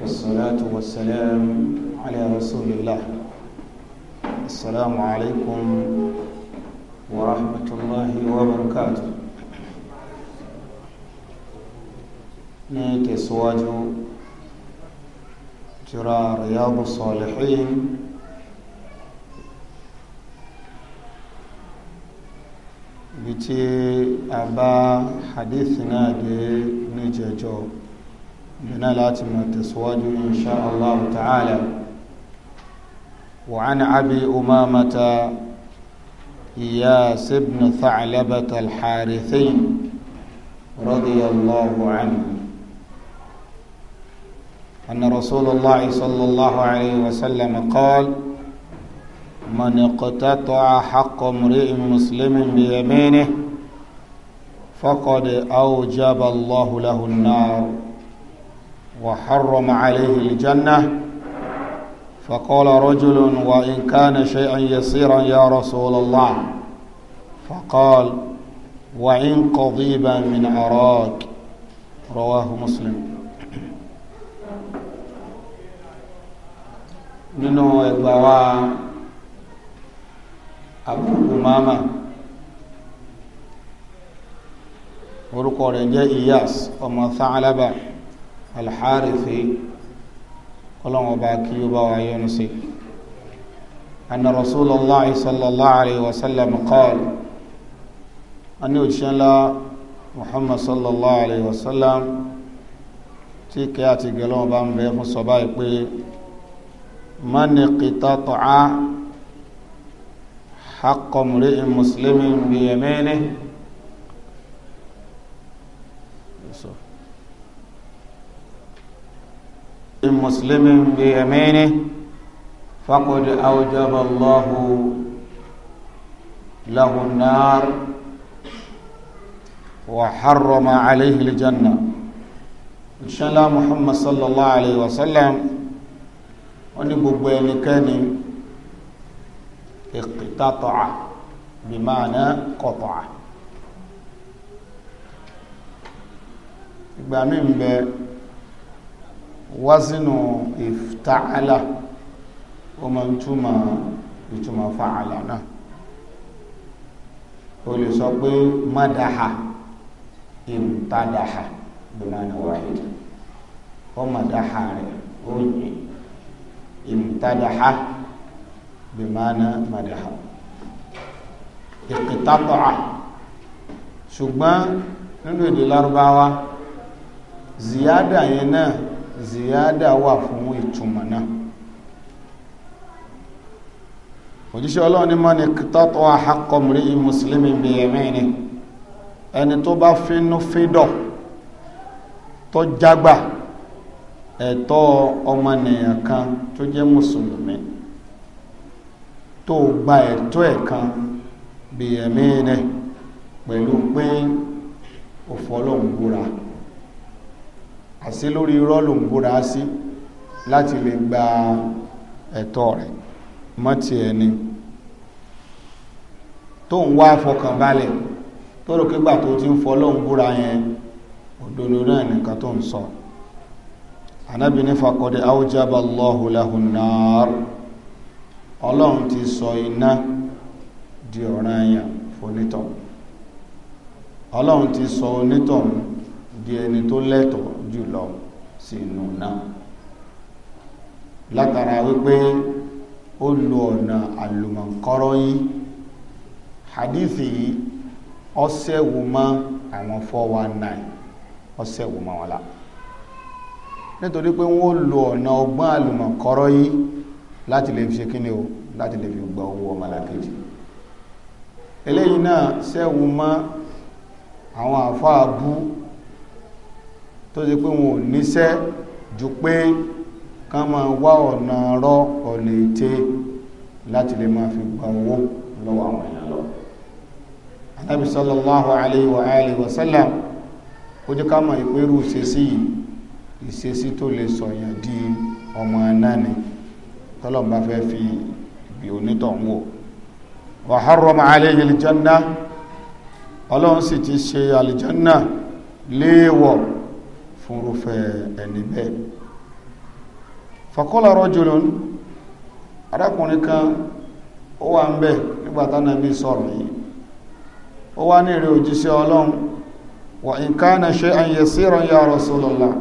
والصلاة والسلام على رسول الله السلام عليكم ورحمة الله وبركاته نيت سواجو ترى رياض الصالحين بتي أبا حديثنا دي نججو من láti máa إن شاء الله تعالى وعن أبي أمامة إياس بن ثعلبة الحارثي رضي الله عنه أن رسول الله صلى الله عليه وسلم قال من اقتطع حق امرئ مسلم بيمينه فقد أوجب الله له النار وحرم عليه الجنة فقال رجل وإن كان شيئا يسيرا يا رسول الله فقال وإن قضيبا من عراك رواه مسلم nínú ẹgbà wa Abu Umama orúkọ rẹ̀ jẹ́ Iyas ọmọ Tha'alaba alḥarifi kọlọ́wọ́n bá kí ó bá wa yọ́nu sí anna rasulallah sallallahu alayhi wa sallam qaal ani òṣìṣẹ́ ńlá muhammad sallallahu alayhi wa sallam tí kí àti gẹ̀lọ́wọ́n bá ń bẹ fún sọ báyìí mani qitata'a haqqa mri'in muslimin biyaminihi مسلم بيمينه فقد أوجب الله له النار وحرم عليه الجنة إن شاء الله محمد صلى الله عليه وسلم أن ببين كان اقتطع بمعنى قطع إبراهيم بيه wazinu ifta'ala ó máa ń túmọ̀ ìtumọ̀ fa'ala náà o lè sọ pé madaha imtadaha bimana wahid ó madaha rẹ̀ ó yìn imtadaha bimana madaha ìkìtàtọ̀à ṣùgbọ́n nínú èdè lárúbáwá ziyada yẹn náà ziyada wà fún ìtumọ̀ náà òjíṣẹ́ ọlọ́run ní mọ́ ni tọ́tọ́ àhákọmùrí mùsùlùmí bí ẹ̀mí ni ẹni tó bá fínú fídọ̀ tó jágbà ẹ̀tọ́ ọmọnìyàn kan tó jẹ́ mùsùlùmí tó gba ẹ̀tọ́ ẹ̀ kan bí ni pẹ̀lú pé òfọlọ́hùn búra àṣẹ lórí irọ́ ló ń búra sí láti lè gba ẹ̀tọ́ rẹ̀ mọ́ ti ẹni tó ń wá fọkànbalẹ̀ tó rò kígbà tó ti ń fọ́ ló ń búra yẹn òdodo náà nìkan tó ń sọ Ànábì ní faqad awjaba Allahu lahun nar ọlọ́run ti sọ iná di ọ̀ranyàn fonítọ̀ ọlọ́run ti sọ onítọ̀ di ẹni tó lẹ́tọ̀ọ́ jùlọ sínú náà látara wípé ó lo ọ̀nà àlùmọ̀kọ́rọ́ hadithi yìí ọ̀sẹ̀wò mọ́ àwọn 419 ọ̀sẹ̀wò mọ́ wọn la nítorí pé wọ́n lo ọ̀nà ọgbọ́n àlùmọ̀kọ́rọ́ yìí láti lè fi ṣe kíni o láti lè fi gba owó ọmọlàkejì eléyìí náà sẹ́wù àwọn àfáà bú tó ṣe pé wọn ò níṣẹ́ ju pé kán máa wá ọ̀nà rọ ọ̀nà ète láti lè máa fi gba owó lọ́wọ́ àwọn èèyàn lọ anábì sallallahu alayhi wa alihi wa sallam ó jẹ́ ká mọ̀ ìpérú ìṣesí yìí ìṣesí tó lè sọ̀yàn di ọmọ náni tọ́lọ́mbà fẹ́ fi ibi onítọ̀hún wò wa harrama alayhi aljanna ọlọ́run sì ti ṣe aljanna léèwọ̀ fúnrúfẹ́ ẹni bẹ́ẹ̀ faqala rajulun arákùnrin kan ó wà ń bẹ̀ nígbàtá nàbí sọ̀rọ̀ yìí ó wá ní èrè òjíṣẹ́ ọlọ́run wa in kana shay'an yasiran ya Rasulullah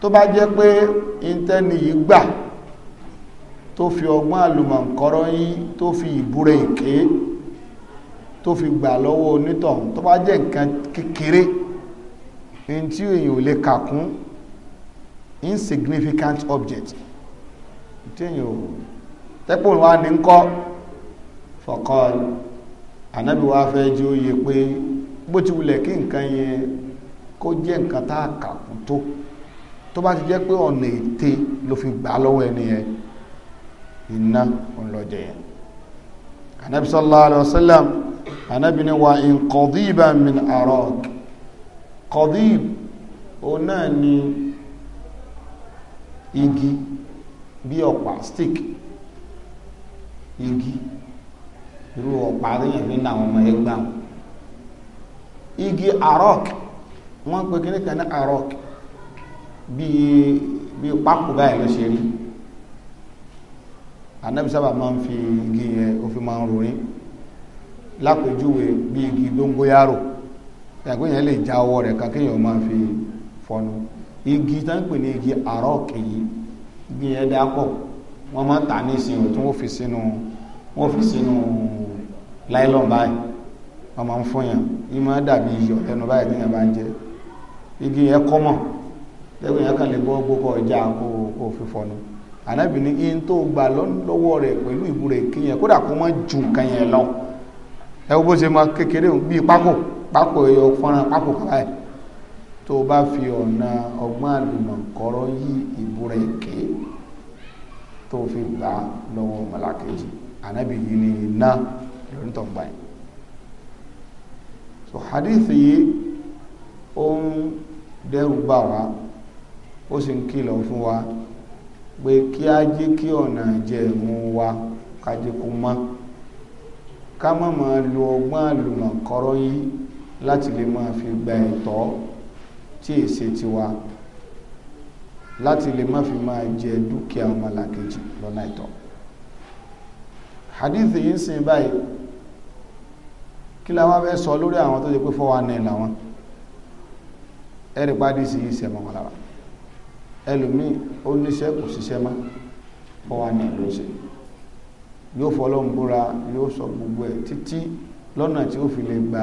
tó bá jẹ́ pé yìí gbà tó fi fi èké tó fi gbà n tí èyàn ò lè kà kún insignificant object tí èyàn ò tẹ́pọ̀ wá ní kọ́ fọ̀kọ́ ànábì wá fẹ́ jẹ́ òye pé bó ti wulẹ̀ kí nǹkan yẹn kó jẹ́ nǹkan tá a kà kún tó tó bá ti jẹ́ pé ọ̀nà ète ló fi gbà lọ́wọ́ ẹni yẹn iná ńlọjẹ yẹn ànábì sallallahu alaihi wasallam ànábì ni wa in qadiban min arak kọdíb òun náà ni igi bí ọ̀pá stick igi irú ọ̀pá ríyàn nínú àwọn ọmọ ẹgbà igi arok wọ́n pe kíní kan ní arok bíi bíi pákó báyìí ló ṣe rí anabi sábà máa ń fi igi yẹn ó fi máa ń rorin lápèjúwe bíi igi dóngóyárò tàbí ya lè já ọwọ́ rẹ̀ kan kéèyàn máa fi fọnu igi tá ń ní igi àrọ́ọ̀kì yìí igi yẹn dá pọ̀ wọ́n máa tà ní ìsìn òtún wọ́n fi sínú wọ́n fi sínú láìlọ́n báyìí wọ́n máa ń fún yàn yìí máa dàbí iyọ̀ ẹnu báyìí bá ń igi yẹn yẹn kàn lè bọ́ gbókọ̀ ọjà kó o fi fọnu ní tó gbà lọ́wọ́ rẹ̀ pẹ̀lú ìbúrẹ̀ kéèyàn kódà kó má ju nǹkan yẹn lọ ẹ bó ṣe máa kékeré bíi pákó pápò ẹyọ fọ́nrán pápò kàláì tó bá fi ọ̀nà ọgbọ́n àlùmọ̀kọ́rọ́ yí ìbúra tó fi gbà lọ́wọ́ yìí ni iná lórí tó gbà so hadith yìí ó ń dẹ́rù ó sì wa pé kí á jẹ́ kí wa ká mọ́ ká máa lo ọgbọ́n láti lè máa fi gba ẹ̀tọ́ tí èsè tiwa láti lè má fi máa jẹ dúkìá ọmọlàkejì lọ́nà ẹ̀tọ́ hadith yìí ń sin báyìí kí la wọ́n fẹ́ sọ lórí àwọn tó ṣe pé fọ́wọ́ náà làwọn ẹ̀rì pàdé sí yìí sẹ́mọ̀ wọn lára ẹlòmíì ó níṣẹ́ kò ṣiṣẹ́ má fọ́wọ́ náà ló ṣe yóò fọlọ́ǹbúra yóò sọ gbogbo ẹ̀ títí lọ́nà tí ó fi lè gba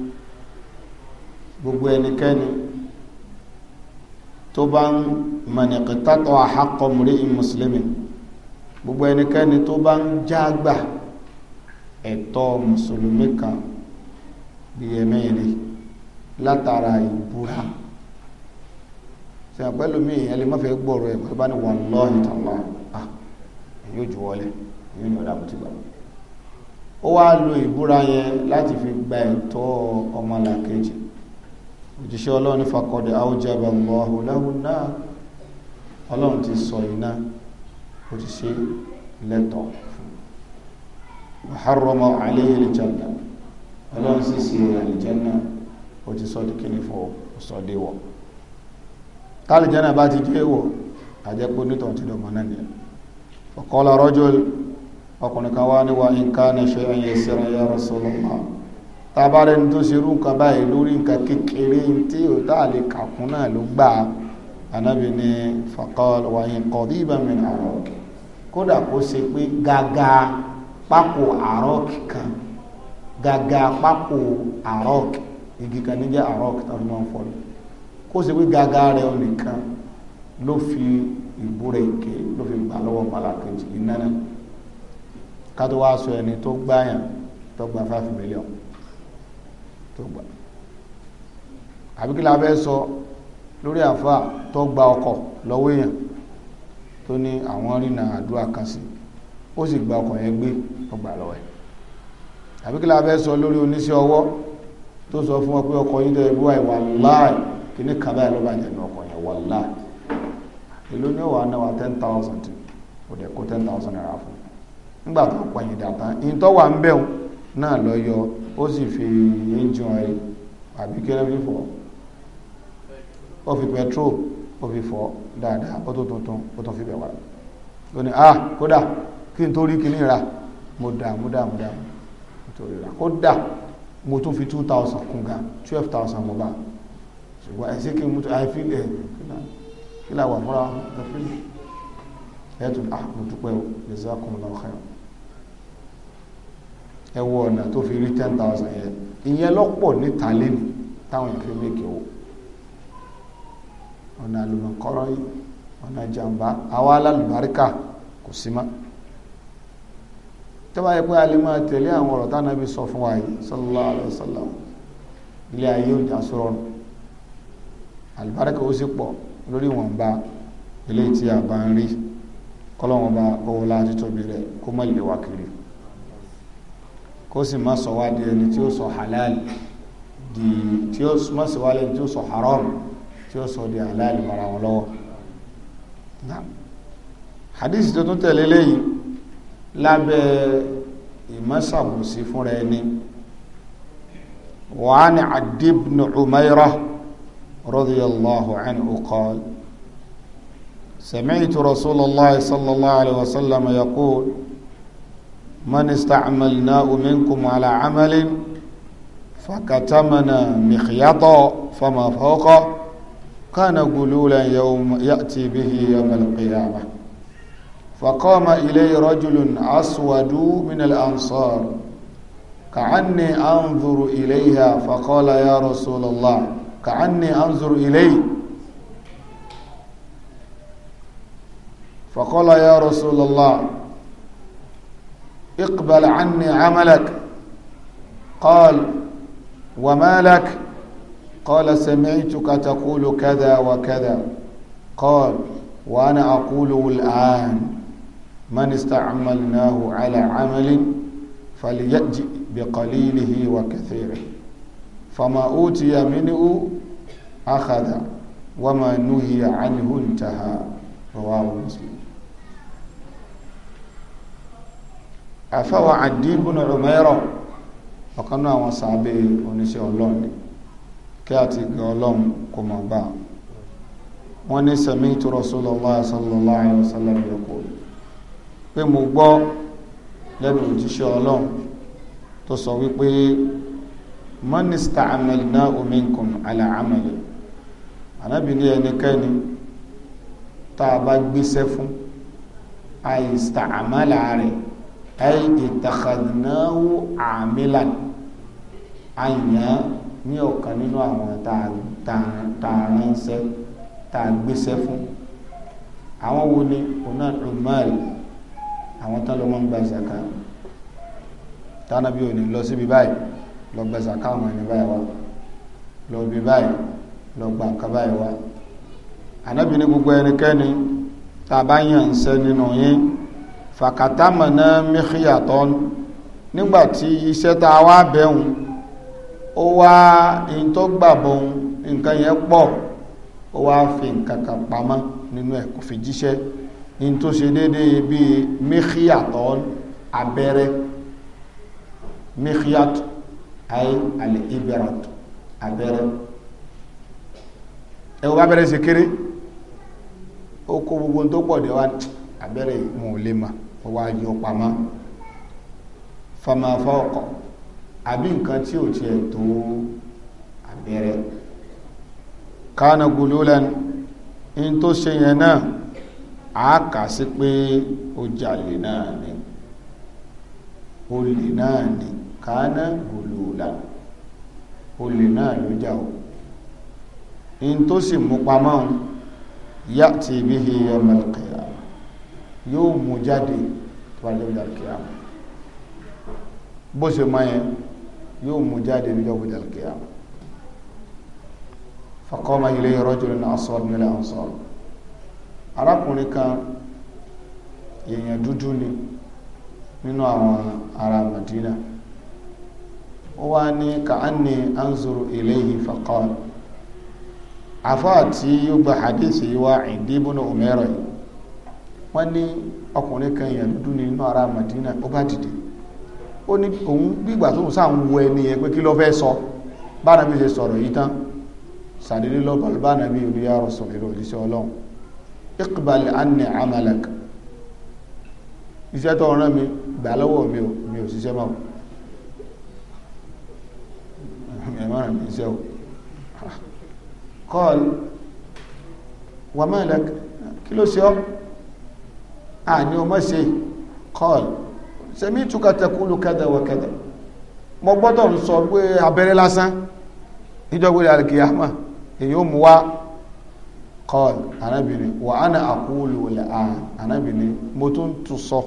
gbogbo ẹnikẹ́ni tó bá ń mọ̀nìkìtàtọ̀ àhàkọ́ múrí mùsùlùmí gbogbo ẹnikẹ́ni tó bá ń jágbà ẹ̀tọ́ mùsùlùmí kan bí ẹ̀mẹ́rin látara ìbúra sẹ́yìn pẹ́lú mi ìyẹn lè má fẹ́ gbọ́rọ̀ ẹ̀ pẹ́ bá ní wallahi ta'ala ah yóò ju wọlé yóò ní ọ̀dà àbútí gbà ó wá lo ìbúra yẹn láti fi gba ẹ̀tọ́ ọmọlàkejì òjíṣẹ́ ọlọ́run fakọ̀dẹ̀ àwùjábà Allahu lahu náà ọlọ́run ti sọ iná ó ti ṣe lẹ́tọ̀ fún wa harrama alayhi aljanna ọlọ́run sì sí aljanna ó ti sọ di kíní fún ọ̀sọ̀dẹ̀wọ̀ tálìjánà bá ti jẹ́ wọ̀ àjẹ́pọ̀ nítorí ti dọ̀mọ́ náà nìyẹn faqala rajul ọkùnrin kan wá ní wa in kana shay'an yasira ya Rasulullah tabaare ní tó ṣe irú nǹkan báyìí lórí nǹkan kékeré tí ò tá a lè kàkún náà ló gbà á anabi ní kó ṣe pé gàgà pákó araq kan gàgà pákó araq igi kan níjẹ́ araq tàbí máa ń kó ṣe pé gàgà rẹ ò nìkan ló fi ìbúra èké ló fi gbà sọ ẹni tó gbáyàn tó tó la sọ lórí àfa tó gba ọkọ̀ lọ́wọ́ èèyàn tó ní àwọn rìnà àdúrà kan sí ó sì gba ọkọ̀ yẹn gbé ọgbà lọ́wọ́ ẹ̀ àbí kí la sọ lórí oníṣẹ́ ọwọ́ tó sọ fún ọ pé ọkọ̀ yín ìwà láì kí ní ló bá ọkọ̀ yẹn wà láì èló naira fún nígbà tó dàtà ìyìn tó wà náà lọ yọ ó sì fi engine oil àbí kílẹ̀ fi fọ̀ ó fi petrol ó fi fọ̀ dáadáa ó tó tuntun ó tó fi bẹ̀ ó ní ah kódà kí n tó rí kíní ra mo dààmú dààmú dààmú nítorí ra kódà mo tún fi two thousand kún ga twelve thousand mo bá ṣùgbọ́n ẹ̀ sí kí n mú àìfi ẹ̀ eh, kí làwọn fúnra ẹ̀ fi ẹ̀ tún ah mo dúpẹ́ o jazakumullahu khairan ẹ wo ọ̀nà tó fi rí ten thousand yẹn ìyẹn lọ́pọ̀ níta lẹ́nu táwọn èèyàn fi mékè owó ọ̀nà àlùmọ̀kọ́rọ́ yìí ọ̀nà jàǹbá àwa alálùbáríkà kò sí mọ́ tó bá yẹ pé a lè máa tẹ̀lé àwọn ọ̀rọ̀ tánàbí sọ fún wa yìí sallallahu alaihi wasallam ilé ayé òjà sọ̀rọ̀ àlùbáríkà ó sì pọ̀ lórí ìwọ̀nba ilé tí a bá ń rí kọ́lọ́wọ́n bá owó láti tóbi rẹ̀ kó má lè wá kiri kó sì má sọ wá di ẹni tí ó sọ halal di tí ó má sì wá lẹni tí ó sọ haram tí ó sọ di halal mara wọn lọ́wọ́ hadith tó tún tẹ̀lé lẹ́yìn lábẹ́ ìmọ̀sàbòsí fúnra ẹni وعن عبد بن عميرة رضي الله عنه قال سمعت رسول الله صلى الله عليه وسلم يقول من استعملناه منكم على عمل فكتمنا مخيطا فما فوق كان قلولا يوم يأتي به يوم القيامة فقام إليه رجل أسود من الأنصار كعني أنظر إليها فقال يا رسول الله كعني أنظر إليه فقال يا رسول الله اقبل عني عملك قال وما لك قال سمعتك تقول كذا وكذا قال وأنا أقوله الآن من استعملناه على عمل فليأتي بقليله وكثيره فما أوتي منه أخذ وما نهي عنه انتهى رواه مسلم àfáwà àdìbùnà rọmẹ́rọ̀ ọ̀kan náà àwọn sàábé oníṣẹ́ ọlọ́run kí àti gan ọlọ́run kò mọ̀ bá wọ́n ní sami'tu Rasulullah sallallahu alaihi wasallam yaqul pé mo gbọ́ lẹ́nu òjíṣẹ́ ọlọ́run tó sọ wípé man ista'malnahu minkum ala 'amali ànábì ní ẹnikẹ́ni tá a bá gbéṣẹ́ fún àìstàmàlà ayi ìtàkàdínáwó àmìlà àyàn ní ọ̀kan nínú àwọn tààránṣẹ́ tààgbéṣẹ́ fún àwọn wo ni ọ̀nà ọ̀mọ́rì àwọn tán ló máa ń gba ìsàkà tánàbí òní lọ síbi báyìí lọ gba ìsàkà àwọn ẹni báyìí wá lọ bí báyìí lọ gba nǹkan báyìí wá ànábì ní gbogbo ẹnikẹ́ni tá a bá yàn ń sẹ́ nínú yín fàkàtàmọ̀nà mẹ́kìyàtọ́ nígbàtí iṣẹ́ tá a wá bẹ̀hùn ó wá in tó gbàbọ̀ nǹkan yẹn pọ̀ ó wá fi nǹkan kan pamọ́ nínú ẹ̀ kò fi jíṣẹ́ in tó ṣe déédéé bíi mẹ́kìyàtọ́ abẹ́rẹ́ mẹ́kìyàt ayé alẹ́ ibẹ̀rọ̀t abẹ́rẹ́ ẹ̀wọ̀n abẹ́rẹ́ ṣe kéré ó kó gbogbo tó pọ̀ dé wá abẹ́rẹ́ wọn ò lè máa ọwọ́ ajé ọpamọ́ fọmọfọ ọkọ̀ àbí nǹkan tí ò tiẹ̀ tó abẹ́rẹ́ kánà gulúlan in tó ṣe yẹn náà a kà sí pé ó jalè náà ni olè náà ni kánà gulúlan olè náà ló jà ó in tó sì mú pamọ́ yá ti bí hi ọmọ ìkẹyà yóò mú jáde tó bá jẹ́ ọjà kìíyàmù bó ṣe máa yẹn yóò mú jáde níjọ́ ọjà kìíyàmù faqama ilayhi rajulun asfar min al-ansar arákùnrin kan èèyàn dúdú ni nínú àwọn ará Madina ó wá ní ka'anni anzuru ilayhi faqala àfáà tí yóò gba hadith yìí wá Idi ibn Umairah yìí wọ́n ní ọkùnrin kan èèyàn dúdú ní inú ara Madina ó bá dìde ó ní òun gbígbà tó ń sáà ń wo ẹni yẹn pé kí ló fẹ́ sọ bánabi ṣe sọ̀rọ̀ yìí tán sàdédé lọ́ba bánabi olùyà rọ̀sọ̀ èrò òjíṣẹ́ ọlọ́run iqbal anni amalak iṣẹ́ tó rán mi gbà lọ́wọ́ mi ò mi ò ṣiṣẹ́ máa ẹ̀ má ràn iṣẹ́ o kọ́ọ̀lù wàmẹ́lẹ̀ kí ló ṣe ọ́ àní ah, ọmọ ṣe kọ́ọ̀lù sẹ́mi ìtúkà tẹkùlù kẹ́dà wọ kẹ́dà mo gbọ́dọ̀ ń sọ pé abẹ́rẹ́ lásán níjọ́gbé alkiyama èyí ó mú wá kọ́ọ̀lù anábìnrin wà á na àkúlù wòlẹ̀ anábìnrin mo tún tún sọ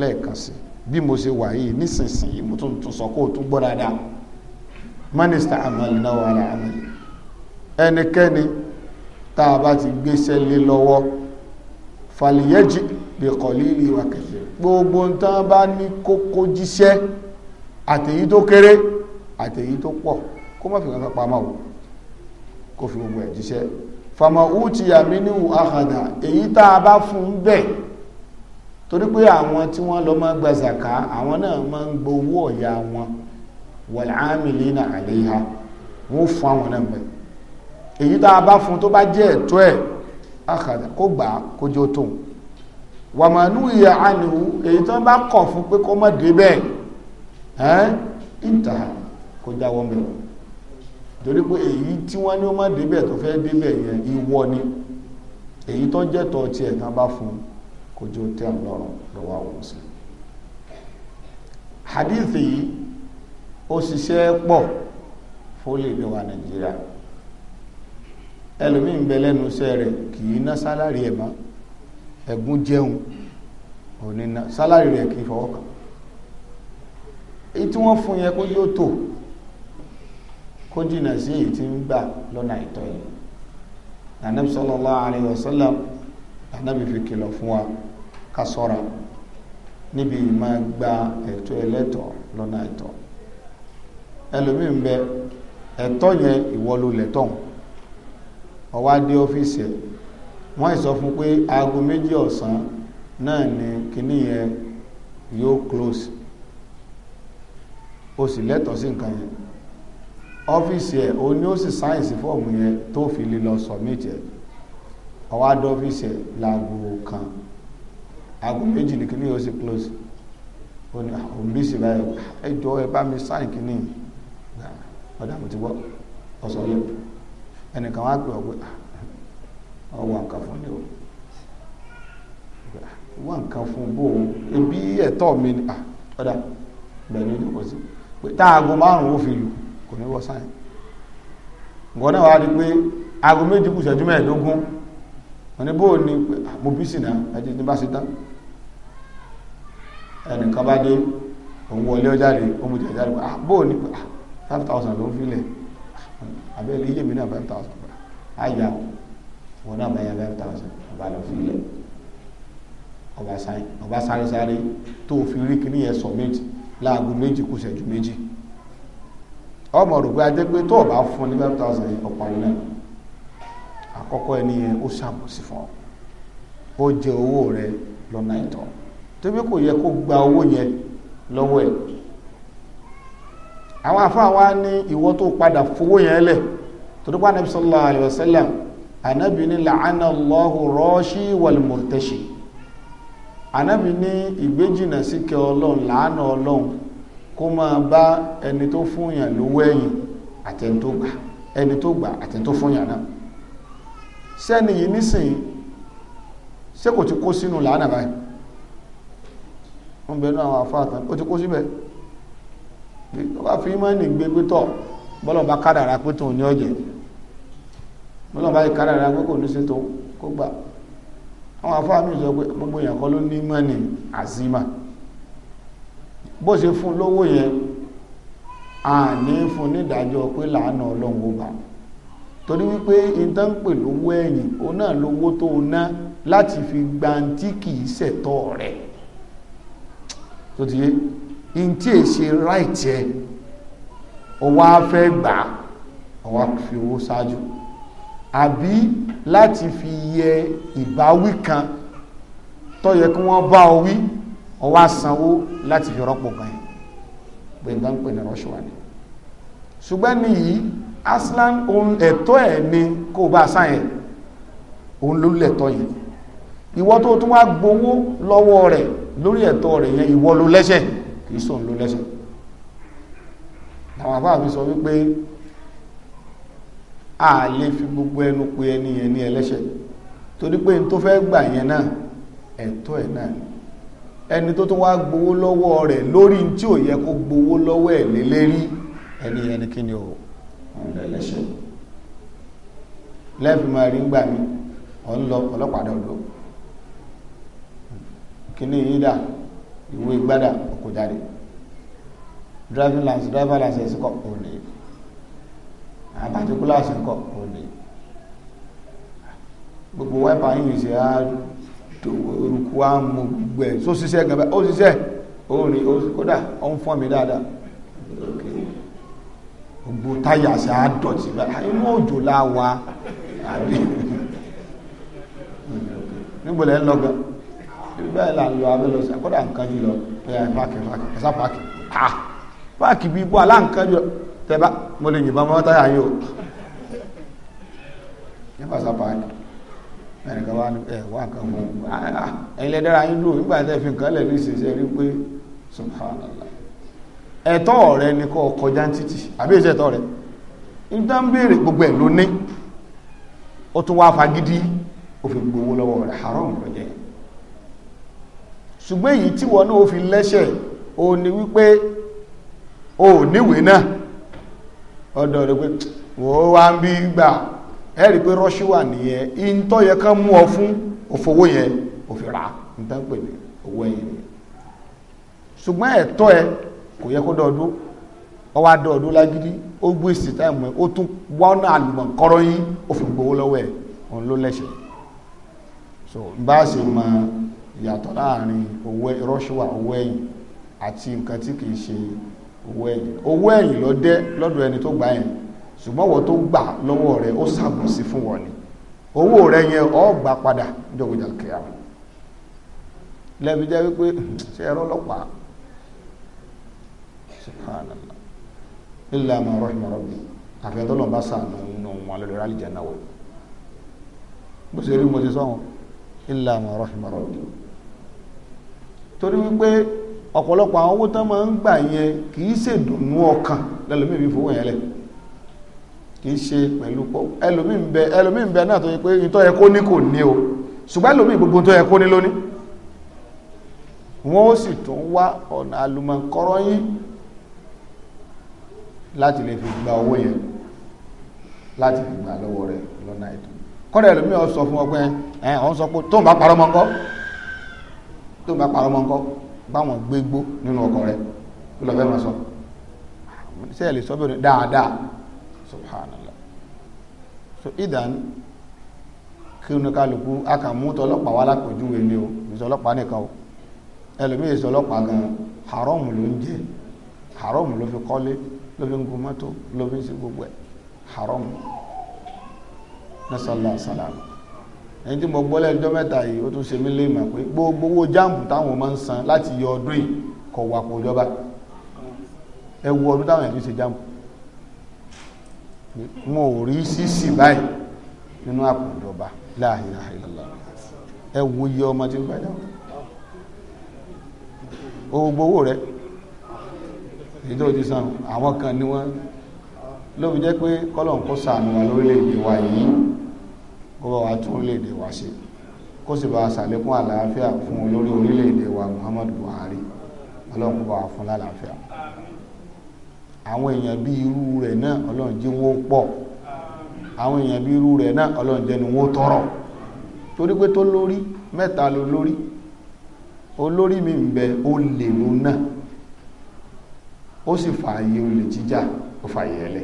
lẹ́ẹ̀kan sí bí mo ṣe wà yìí nísinsìnyí mo tún tún sọ kó o tún gbọ́ dáadáa mínísítà àmàlì náà wà láàmàlì ẹnikẹ́ni tá a bá ti gbéṣẹ́ lé lọ́wọ́ fàlìyẹ́jì bí kọ̀lìlì wà kẹfẹ́ gbogbo ń tán bá ní kókó jíṣẹ́ àtèyí tó kéré àtèyí tó pọ̀ kó má fi kankan pamọ́ o kó fi gbogbo ẹ̀ jíṣẹ́ fàmà úti àmì níhù àhàdà èyí tá a bá fún bẹ́ẹ̀ torí pé àwọn tí wọ́n lọ máa gba àwọn náà máa ń gbowó ọ̀yà wọn wàlámìlínà àléhà wọ́n fún àwọn náà bẹ́ẹ̀ èyí tá a bá fún tó bá jẹ́ ẹ̀tọ́ ẹ̀ akàdà kó gbà á kójú ó tóun wàmánú ìyá èyí tó bá kọ̀ fún pé kó má dé bẹ́ẹ̀ ẹ́n kó jáwọ́ mẹ́rin torí pé èyí tí wọ́n ní ó dé tó fẹ́ dé yẹn ìwọ èyí tán bá fún tẹ́ lọ́wọ́ àwọn hadith yìí ó ṣiṣẹ́ ẹlòmí ń bẹ lẹ́nu iṣẹ́ rẹ̀ kì í ná sálárì ẹ̀ má ẹ̀gún jẹun òní ná sálárì rẹ̀ kì í fọwọ́ kàn èyí tí wọ́n fún yẹ kó yóò tò kó jìnà sí èyí tí ń gbà lọ́nà ìtọ́ yìí ànábì sallallahu alaihi wasallam ànábì fi kìlọ̀ fún wa ká sọ́ra gba ẹ̀tọ́ ẹlẹ́tọ̀ lọ́nà ìtọ́ ẹlòmí ń bẹ ẹ̀tọ́ yẹn ó wá dé ọ́fíìsì ẹ̀ wọ́n sọ fún pé aago méjì ọ̀sán náà ni kíní yẹn yóò close o sì lẹ́tọ̀ọ́ sí nǹkan yẹn ọ́fíìsì ẹ̀ o ní ó sì sáyẹ̀nsì fọ́ọ̀mù yẹn tó fi lè lọ submit ẹ̀ ó dé ọ́fíìsì ẹ̀ láago kan aago méjì ni kíní yóò sì close ó ní àwọn bíìsì báyìí ẹ jọ ẹ bá mi sáyìn kíní ọ̀dà mo ti gbọ́ ọ̀sán yẹn. ẹnìkan wá pè ọ ah, ọwọ́ nǹkan fún ni o wọ́n nǹkan fún bó o ebi ẹ̀tọ́ mi ni ah, ọ̀dà bẹ̀rẹ̀ ní ìdókòó pé tá aago márùn fi lù kò ní wọ́ sáyẹn nǹkan náà wá di pé aago méjì kù ìṣẹ́jú mẹ́ẹ̀ẹ́dógún wọ́n ní bó o ní pé ah, mo bí náà ẹ̀jẹ̀ ní bá ṣe tán ẹnìkan bá dé òun wọlé ó pé bó Abe iye mi náà five thousand gbà àyà wọn náà bá five thousand ọba lọ fi ilẹ̀ ọba sáré sáré tó fi rí kíní yẹn submit láago méjì kù ṣẹ́jú méjì ọmọ rò tó fún ní five thousand ọ̀pọ̀ àlọ́ Akọkọ àkọ́kọ́ ẹni ó ṣàbòsí fún ọ ó jẹ owó rẹ lọ́nà ìtọ́ tẹ́bí kò yẹ kó gba owó yẹn lọwọ àwọn àfáà wa ní ìwọ tó padà fowó yẹn lẹ̀ torípa anabi sallallahu alayhi wa sallam anabi ní la'ana allahu rọ́ṣí wàlmùrtẹ́ṣì anabi ní ìgbéjìnà síkẹ ọlọ́run làánà ọlọ́run kó máa bá ẹni tó fún yàn lówó ẹ̀yìn àtẹni tó gbà ẹni tó fún yàn náà sẹ́ni yìí nísìnyí ṣé ti kó sínú làánà báyìí wọ́n bẹ̀rù àwọn àfáà tán ó ti kó síbẹ̀ wọ́n bá fi ìmọ̀ọ́nì gbé pé tọ̀ bọ́lọ̀ kádàrà pé ní ọ̀jẹ̀ bọ́lọ̀ kádàrà pé ní sí kó gbà àwọn afọ́ àmì sọ pé gbogbo èèyàn kọ́ ló ní fún lówó yẹn àní fún nídàájọ́ pé làánà ọlọ́run ó bá torí wípé pè lówó ẹ̀yìn ó náà lówó tó fi ṣẹ̀tọ́ in tí è ṣe right ẹ ọwọ́ á fẹ́ gbà á ọwọ́ á fi owó ṣáájú àbí láti fi yẹ ìbáwí kan tó yẹ kí wọ́n bá ọ wí ọwọ́ á sanwó láti fi rọ́pò kan yẹn pé n dán pè ní rọ́ṣùwà ni ṣùgbọ́n ní yìí aslan ohun ẹ̀tọ́ ẹ̀ ni kó o bá a sáyẹn òun ló lẹ̀tọ́ yìí ìwọ tó tún wá gbowó lọ́wọ́ rẹ̀ lórí ẹ̀tọ́ rẹ̀ yẹn ìwọ ló lẹ́sẹ̀ yìí kìí sòun ló lẹ́sẹ̀ àwọn àbá mi sọ wípé a lè fi gbogbo ẹnu pe ẹni yẹn ní ẹlẹ́ṣẹ̀ torí pé n tó fẹ́ gbà yẹn náà ẹ̀tọ́ ẹ̀ náà ẹni tó tún wá gbowó lọ́wọ́ rẹ̀ lórí tí ò yẹ kó gbowó lọ́wọ́ ẹ̀ lélẹ́rí ẹni yẹn kí ni o ẹlẹ́ṣẹ̀ lẹ́ẹ̀fì máa rí gbà mí ọ̀ ń lọ ọlọ́pàá dọ̀dọ̀ kí ni yín dà ìwé gbádà kò jáde driving license driver license kọ kò lè àwọn particulars kọ kò lè gbogbo wáìpà yìí ń ṣe á orúkú á mú gbogbo ẹ̀ tó ṣiṣẹ́ gẹ̀bẹ̀ ó ṣiṣẹ́ ó rí ó kódà ó ń fọ́n mi dáadáa gbogbo táyà sí àádọ́tì báyìí ah, inú òjò láwa àbí nígbò lẹ́ ń lọ gan-an. bẹ́ẹ̀ là ń lo abẹ́ lọ sí akọ́dà nǹkan lọ ẹ̀yà páàkì páàkì ẹ̀sà páàkì à ah! páàkì bíi ibú aláǹkan jù mo lè yìnbọn kan yín dùn ah, ah, nígbà tẹ́ fi nǹkan lẹ̀ ní ìsinsẹ́ rí pé subhanallah ẹ̀tọ́ rẹ ni kọjá títì àbí rẹ nígbà ń béèrè gbogbo ẹ̀ ó tún wá fagídí ó fi gbowó lọ́wọ́ Sugbe yi tí wọ́n náà fi lẹ́ṣẹ̀ o ni wípé o náà ọ̀dọ̀ rẹ̀ pé wọ́n wá ń bí gbà pé nìyẹn yẹ kán mú ọ fún òfowó yẹn ra owó ṣùgbọ́n ẹ̀tọ́ ẹ kò yẹ kó ọ wá dọ̀ọ́dún lágídí ó gbé ìsìtáìmù ẹ ó tún wọ́nà àlùmọ̀kọ́rọ́ yín ó fi gbowó lọ́wọ́ ẹ̀ òun ló lẹ́ṣẹ̀ so bá ṣe ìyàtọ̀ láàrin owó rọ́ṣùwà owó ẹ̀yìn àti nǹkan tí kìí ṣe owó ẹ̀yìn owó ẹ̀yìn ló dé lọ́dọ̀ ẹni tó gbà yẹn ṣùgbọ́n wọ́n tó gbà lọ́wọ́ rẹ̀ ó ṣàbòsí fún wọn ni owó rẹ̀ yẹn ó gbà padà jọ̀gbọ̀jà kìá lẹ́bi jẹ́ wípé ṣe ẹ̀rọ ọlọ́pàá subhanallah illa ma rahima rabbi àfihàn bá sànù nù wọn lórí alìjẹ náà wọ bó ṣe rí mo ṣe sọ wọn illa ma rahima torí wípé ọ̀pọ̀lọpọ̀ àwọn owó tán ń gbà yẹn kì í ṣèdùnnú ọkàn lẹ́lòmíì fi fowó kì í ṣe pẹ̀lú pọ̀ ẹlòmíì ń bẹ ẹlòmíì ń bẹ náà tó yẹ pé ìtọ́ yẹ kó ní kò ní o ṣùgbọ́n ẹlòmíì gbogbo tó yẹ kó ní lónìí wọ́n sì wá ọ̀nà yín láti lè fi gba owó yẹn láti fi gbà lọ́wọ́ rẹ̀ lọ́nà tó bá parọ́ mọ́ nǹkan báwọn gbégbó nínú ọkọ̀ rẹ̀ kí ló fẹ́ máa sọ ṣe lè sọ bẹ́ẹ̀ dáadáa subhanallah so idan kí ní kálukú akàmú tọlọ́pàá wá lápòjúwe ni o ìṣọlọ́pàá nìkan o ẹlòmíì ìṣọlọ́pàá gan haram ló ń jẹ haram ló fi kọ́lé ló fi ń gun mọ́tò ló fi ń ṣe gbogbo ẹ̀ haram nasala salam ẹni tí mo gbọ́ lẹ́jọ́ mẹ́ta yìí ó tún ṣe mí lè mọ̀ pé gbogbo owó jáàmù táwọn máa ń san láti yọ ọdún yìí kọ̀ wà pò jọba ẹ wo ọdún táwọn ẹ̀dí ṣe jáàmù mo ò rí sísì báyìí nínú àpò ìjọba la ilaha illallah ẹ wo iye ọmọ tí ń bá jáàmù gbogbo owó rẹ èyí tó ti san àwọn kan ni wọ́n ló fi pé kọ́lọ̀ sàánú wa lórílẹ̀ wa yìí kó bá wa tún orílẹ̀-èdè wa ṣe kó sì bá a ṣàlékún àlàáfíà fún olórí orílẹ̀-èdè wa Muhammadu Buhari ọlọ́run kó bá wa fún lálàáfíà àwọn èèyàn bí irú rẹ̀ náà ọlọ́run jí wọ́n pọ̀ àwọn èèyàn bí irú rẹ̀ náà ọlọ́run jẹ́ ni wọ́n tọrọ torí pé tó lórí mẹ́ta ló lórí olórí mi ń bẹ ó lè ló náà ó sì fààyè olè jíjà ó fààyè ẹlẹ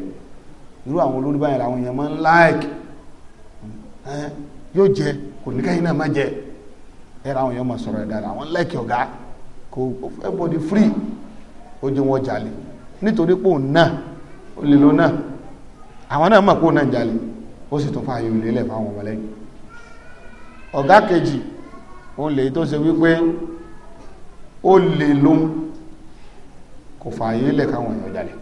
irú àwọn olórí báyìí làwọn èèyàn máa ń láìkì yóò jẹ kò ní kẹ́yìn náà má jẹ ẹ̀rọ àwọn èèyàn máa sọ̀rọ̀ ẹ̀dá àwọn lẹ́kì ọ̀gá kò everybody free ó jẹ́ wọn jalè nítorí pé òun náà ó lè lọ náà àwọn náà mọ̀ pé òun náà jalè ó sì tún fààyè ìlélẹ̀ fáwọn ọmọlẹ́yìn ọ̀gá kejì òun lèyí tó ṣe wípé ó lè lóhun kò fààyè lẹ̀ káwọn èèyàn jalè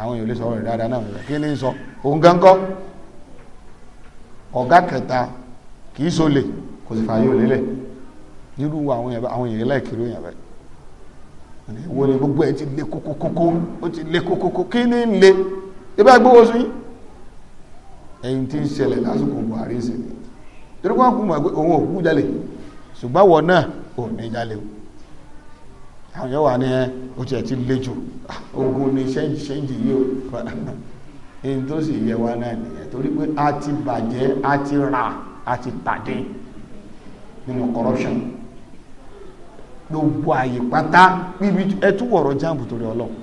àwọn èèyàn lè sọ̀rọ̀ rẹ̀ dáadáa náà kí ni sọ òun gan kọ́ ọ̀gá kẹta kì í sólè kò sì fààyè òlélẹ̀ nírú àwọn èèyàn láìkiri òyìn àbẹ́ ìwọ ni gbogbo ẹ ti le kókókókó ó ti le kókókó kí ni ń le ibà gbówó sí ẹ̀yin tí ń ṣẹlẹ̀ lásìkò Buhari sí ni torí wọn kú mọ̀ pé òun ò kú jalè ṣùgbọ́n wọn náà ò ní jalè o àwọn yóò wà ní ẹ ó ti ẹ̀ ti le jù ah, ogun ni ṣẹ́ǹjì ṣẹ́ǹjì yìí o èyí tó sì yẹ wa náà nìyẹn torí pé a ti bàjẹ́ a ti ra a ti tàdé nínú corruption gbogbo àyè pátá bíbi ẹtú wọ̀rọ̀ jáàmù torí ọlọ́run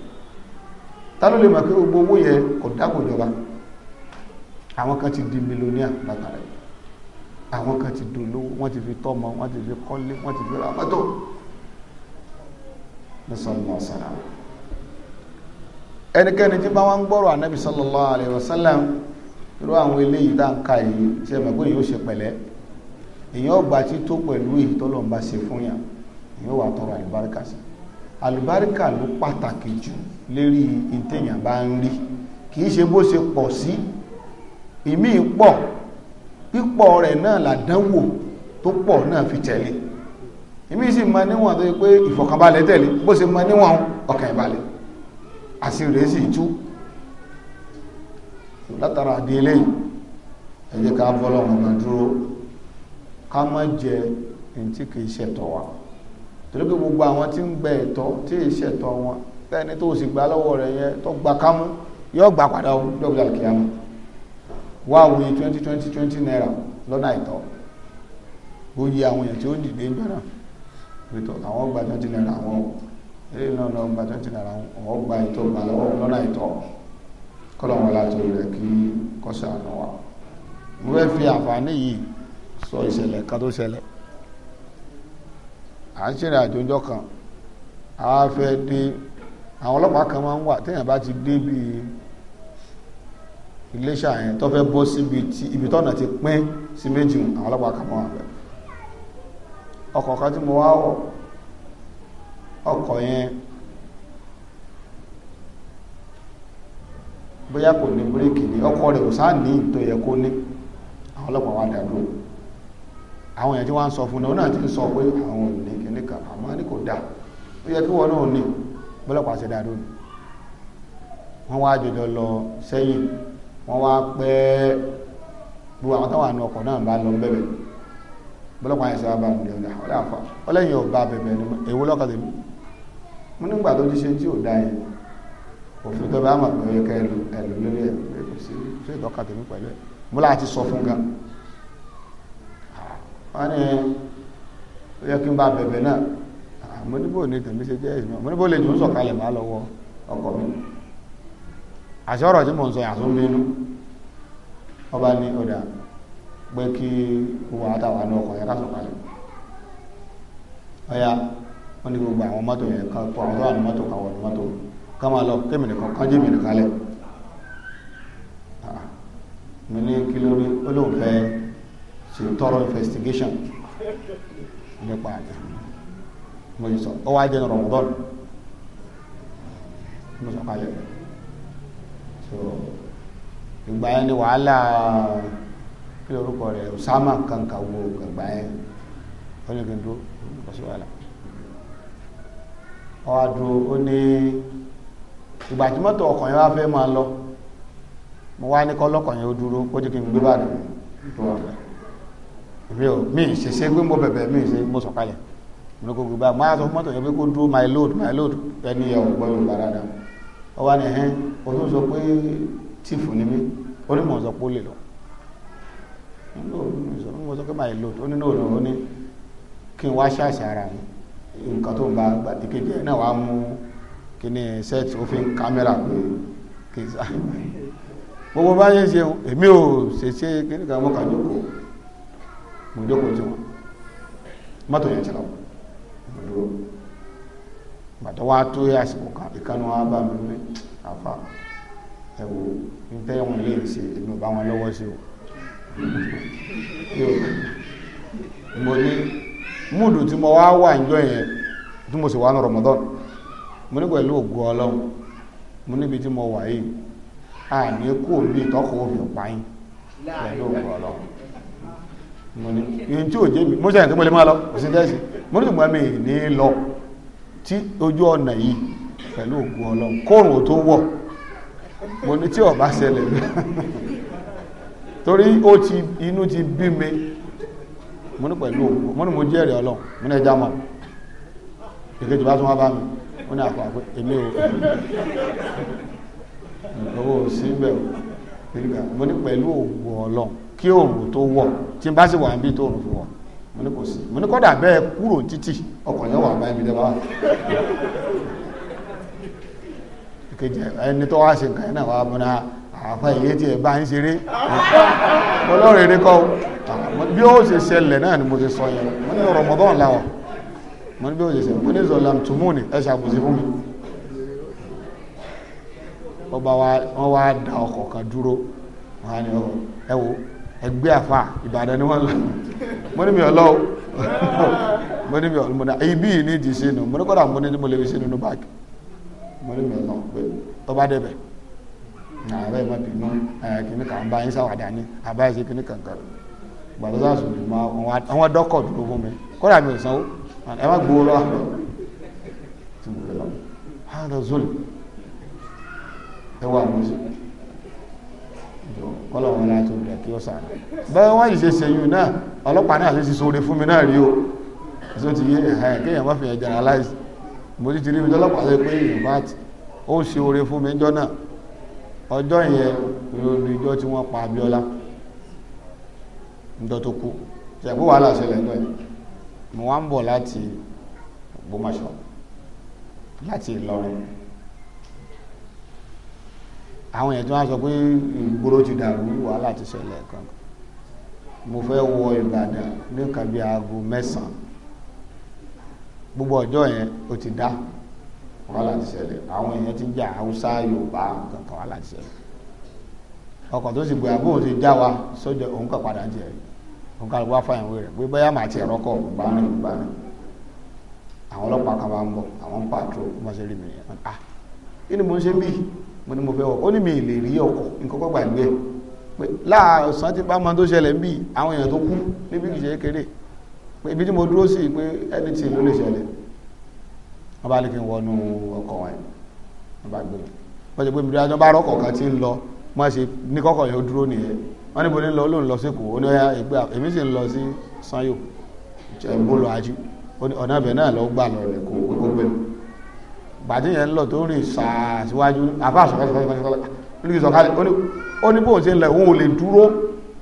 ta ló lè mọ̀ pé gbogbo owó yẹn kò dákòjọba àwọn kan ti di mílíọ̀nìà látara yìí àwọn kan ti dolówó wọ́n ti fi tọ́mọ wọ́n ti fi kọ́lé wọ́n ti fi ra mọ́tò ní sọ́nà ẹnikẹ́ni tí bá wọ́n ń gbọ́rọ̀ ànábì sallallahu alayhi wa sallam irú àwọn eléyìí tá ń ka yìí tí ẹ mọ̀ pé yóò ṣe pẹ̀lẹ́ èèyàn ọgbà tí tó pẹ̀lú èyí tó lọ́n bá ṣe fún yàn èèyàn wà tọrọ àlùbáríkà sí àlùbáríkà ló pàtàkì jù lérí ìtẹ̀yàn bá ń rí kì í ṣe bó ṣe pọ̀ sí ìmí pọ̀ pípọ̀ rẹ̀ náà làdánwò tó pọ̀ náà fi tẹ̀lé ìmí sì máa níwọ̀n tó yẹ pé ìfọ̀kànbalẹ̀ tẹ̀lé bó ṣe máa níwọ̀n ọkàn ìbalẹ̀ àṣírí rẹ̀ sì tú látara àdílé ẹ jẹ́ ká bọ́lọ́wọ́n bá dúró ká má jẹ ní tí kìí ṣẹ̀tọ́ wa torí pé gbogbo àwọn tí ń gbẹ ẹ̀tọ́ tí ì ṣẹ̀tọ́ wọn lẹ́ni tó sì gbà lọ́wọ́ rẹ̀ yẹn tó gba kámú yóò gbà padà ó dọ́gbà kìámù wá àwòye twenty twenty twenty naira lọ́nà àìtọ́ bó yẹ àwọn èèyàn tí ó dìde ń jọ náà àwọn gba twenty naira àwọn eré náà lọ gba twenty naira wọn gba ètò gbà lọ́wọ́ lọ́nà ìtọ kọlọwọn látòrí rẹ kí kọsẹ àná wa mo fẹ́ fi àǹfààní yìí sọ ìṣẹ̀lẹ̀ kan tó ṣẹlẹ̀ à ń ṣèrìn àjò ọjọ́ kan a fẹ́ dé àwọn ọlọ́pàá kan máa ń wà téèyàn bá ti dé bíi iléṣà yẹn tó fẹ́ bọ́ síbi tí ibi tọ́nà ti pín sí méjì àwọn ọlọ́pàá kan máa wà bẹ́ẹ̀ ọkọ̀ kan tí mo wá wọ̀ ọkọ̀ yẹn bóyá kò ní bíréèkì ní ọkọ̀ rẹ̀ kò sáà ní ìtò yẹ kó ní àwọn ọlọ́pàá wá dàdó àwọn èèyàn tí wọ́n ń sọ fún ní ọ̀nà tí ń sọ pé àwọn ò ní kíní kan àmọ́ ní kò dáa ó yẹ kí wọ́n náà ní bọ́lọ́pàá ṣe dàdó ni wọ́n wá jọjọ lọ sẹ́yìn wọ́n wá pẹ́ gbogbo àwọn táwọn àna ọkọ̀ náà bá lọ bẹ̀bẹ̀ bọ́lọ́pàá yẹn sọ wá bá wọn lẹ́yìn ọ̀bá bẹ̀bẹ̀ ni èwo lọ́kàn tèmi mo nígbà tó ti ṣe tí ò da yìí òfin tó bá mọ̀ pé ó yẹ ká ẹlò ẹlò lórí ẹ̀ pé kò sí ṣé ìtọ́ka tèmi pẹ̀lú ẹ̀ mo láti sọ fún gan wọ́n ní ó yẹ kí n bá bẹ̀bẹ̀ náà mo níbo ní tèmi ṣe jẹ́ ìsìn mo níbo lè jù ú sọ̀kalẹ̀ máa lọ́wọ́ ọkọ̀ mi àṣẹ ọ̀rọ̀ tí mò ń sọ yàtọ̀ ń bínú ọba ní ọ̀dà pé kí owó àtàwọn ọkọ̀ yẹ ká sọ̀kalẹ̀ ọ̀ya wọ́n ní gbogbo àwọn mọ́tò yẹn kan tó àwọn tó wà ní mọ́tò kan wọ̀ ní mọ́tò ká máa lọ kémi nìkan kan jẹ́ mi lẹ̀ ah, mi ní kí lórí ó lóun fẹ́ ṣe thorough investigation nípa àjẹ́ mo yìí sọ ó wá jẹ́ rọ̀mọdọ́n mo sọ kalẹ̀ so ìgbà yẹn ni wàhálà kí lórúkọ rẹ̀ Osama kankan wo ìgbà yẹn ó ní kí n dúró kó sí wàhálà. ọwọ́ àdúró ó ní ìgbà tí mọ́tò ọkọ̀ yẹn wá fẹ́ máa lọ mo wá ní kọ́lọ́kọ̀ yẹn ó dúró ó jẹ́ kí n gbé bàdàn mi ò mi ṣe ṣe bẹ̀bẹ̀ sọ̀kalẹ̀ ní kó yẹn pé kó dúró my load my load ẹni ọ ẹ̀hẹ́n tún sọ pé ni mí ó ní sọ sọ nǹkan tó ń ba gbàdékejì ẹ̀ náà wàá mú kíní set òfin kámẹ́rà pé kìsà gbogbo bá yẹn ṣe èmi ò ṣe ṣe kíní kan mọ́kà jókòó mo jókòó tí wọn mọ́tò yẹn ṣẹlẹ̀ mo dúró gbàtọ́ wa tó yẹ àsìkò kan ìkànnì wa bá mi lóye àfa ẹ wo n tẹ́ wọn lè ṣe èmi ò bá wọn lọ́wọ́ sí o mo ní múùdù tí mo wá wà níjọ́ yẹn tí mo sì wà ní Ramadan mo ní pẹ̀lú ògo Ọlọ́run mo níbi tí mo wà yìí àní kú òbí ìtọ́kọ̀ òfin pààyàn pẹ̀lú ògo Ọlọ́run mo ní ìyẹn tí ò jẹ́ mi mo sẹ́yìn tí mo lè máa lọ kò sí jẹ́sì mo ní ìgbà mi ní lọ tí ojú ọ̀nà yìí pẹ̀lú ògo Ọlọ́run kóòrùn tó wọ̀ mo ní tí ó ṣẹlẹ̀ torí ó ti inú ti bí mi mo ní pẹ̀lú òun mo ní mo jẹ́rìí ọlọ́run mo ní ẹja mọ̀ èkejì bá tún wá bá mi mo ní àpò àpò èmi ò owó síbẹ̀ o mo ní pẹ̀lú òun ọlọ́run kí òun tó wọ̀ tí n bá sì wà níbi tó òun fi wọ̀ mo ní kò sí mo ní kọ́dà bẹ́ẹ̀ kúrò títì ọkọ̀ yẹn wà bá ibi dẹ́ wà èkejì ẹni tó wá ṣe nǹkan yẹn náà wà á bọ́ná àáfà ìyé tí ẹ̀ bá ń ṣeré ọlọ́run èrè kọ́ bí ó ṣe ṣẹlẹ̀ náà ni mo ti sọ yẹn mo ní Ramadan láwà mo ní bí ó ṣe ṣẹlẹ̀ mo ní zolam tumuni ẹ ṣàbùsí fún mi ọba wọn wá da ọkọ̀ kan dúró wọn ni ẹ wo ẹgbẹ́ àfa Ìbàdàn ni wọ́n lọ mo ní mi ọlọ́wọ́ mo ní mi ọlọ́wọ́ mo ní ibi yìí ní ìdí sínú mo ní kọ́dà mo ní mo lè fi sínú báàgì mo ní mi ọlọ́wọ́ pé ọba débẹ̀ ààrẹ ìmọ̀ bínú kìnnìkan bá yín sáwàdà ní àbáyé sí kìnnìkan kan gbàdúrà sùn lè máa àwọn dọ́kọ̀ dúró fún mi kódà mi ò sanwó ẹ má gbowó lọ́wọ́ àbọ̀ tí mo lọ hàdà zoli ẹ wà mí sí kọ́lọ̀ wọn láti olùdà kí ó sàánà bẹ́ẹ̀ wọ́n yìí ṣe ṣèyún náà ọlọ́pàá náà ṣe ti fún mi náà rí o ṣé ó ti yé ẹ̀hẹ́ kéèyàn má fi ẹ̀ generalize mo ti ti rí mi tọ́lọ́pàá ṣe pé ìyẹn bá ti ó ṣe oore fún mi jọ náà ọjọ́ yẹn ìròyìn ìjọ tí wọ́n pa ńdọ́ tó kú ṣẹ̀kú wàhálà ṣẹlẹ̀ ńdọ́ yìí mo wá ń bọ̀ láti Ògbómọ̀ṣọ́ láti Ìlọrin àwọn èèyàn tí wọ́n sọ pé ìgboro ti dàrú wàhálà ti ṣẹlẹ̀ kan mo fẹ́ wọ Ìbàdàn ní nǹkan bíi aago mẹ́sàn-án gbogbo ọjọ́ yẹn ó ti dá wàhálà ti ṣẹlẹ̀ àwọn èèyàn ti jà Haúsá Yorùbá nǹkan kan wàhálà ṣẹlẹ̀ ọkọ̀ tó sì gbé abóhùn ti já wa sójà òun kàn padà jẹ́ rí kó kálukú wá fàyàn wé rẹ̀ pé bóyá màá ti ẹ̀rọ kọ̀ bá rìn bá rìn àwọn ọlọ́pàá kan bá ń bọ̀ àwọn ń pàtó bá ṣe rí mi yẹn ah kí ni mo ń ṣe bí mo ní mo fẹ́ wọ̀ ó ní mi ì lè rí ọkọ̀ nǹkan kọ́ gbàgbé ẹ̀ pé láàsán ti bá mọ tó ṣẹlẹ̀ ń bì àwọn èèyàn tó kú níbi kìí ṣe é kéré pé ibi tí mo dúró sí pé ẹni tí ló lè ṣẹlẹ̀ wọ́n bá lè fi wọnú ọkọ̀ wọn wọ́n bá gbé wọ́n ṣe pé mi dúró ajọ́ bá rọ́kọ̀ kan ti ń lọ wọ́n ṣe ní kọ́kọ̀ yẹn ó dúró nìyẹn wọ́n níbo ní lọ lóun lọ sékòó ó ní ìgbà èmi sì ń lọ sí sanyo ìbò lọ ajú ọ̀nà ibẹ̀ náà lọ gbà lọ rẹ̀ kó kó gbé mi bàtí yẹn ń lọ tó rìn sàá síwájú àfa àsọ̀kọ́sọ̀kọ́sọ̀kọ́sọ̀kọ́sọ̀kọ́sọ̀kọ́ ó ní bóun ṣe ń lọ òun ò lè dúró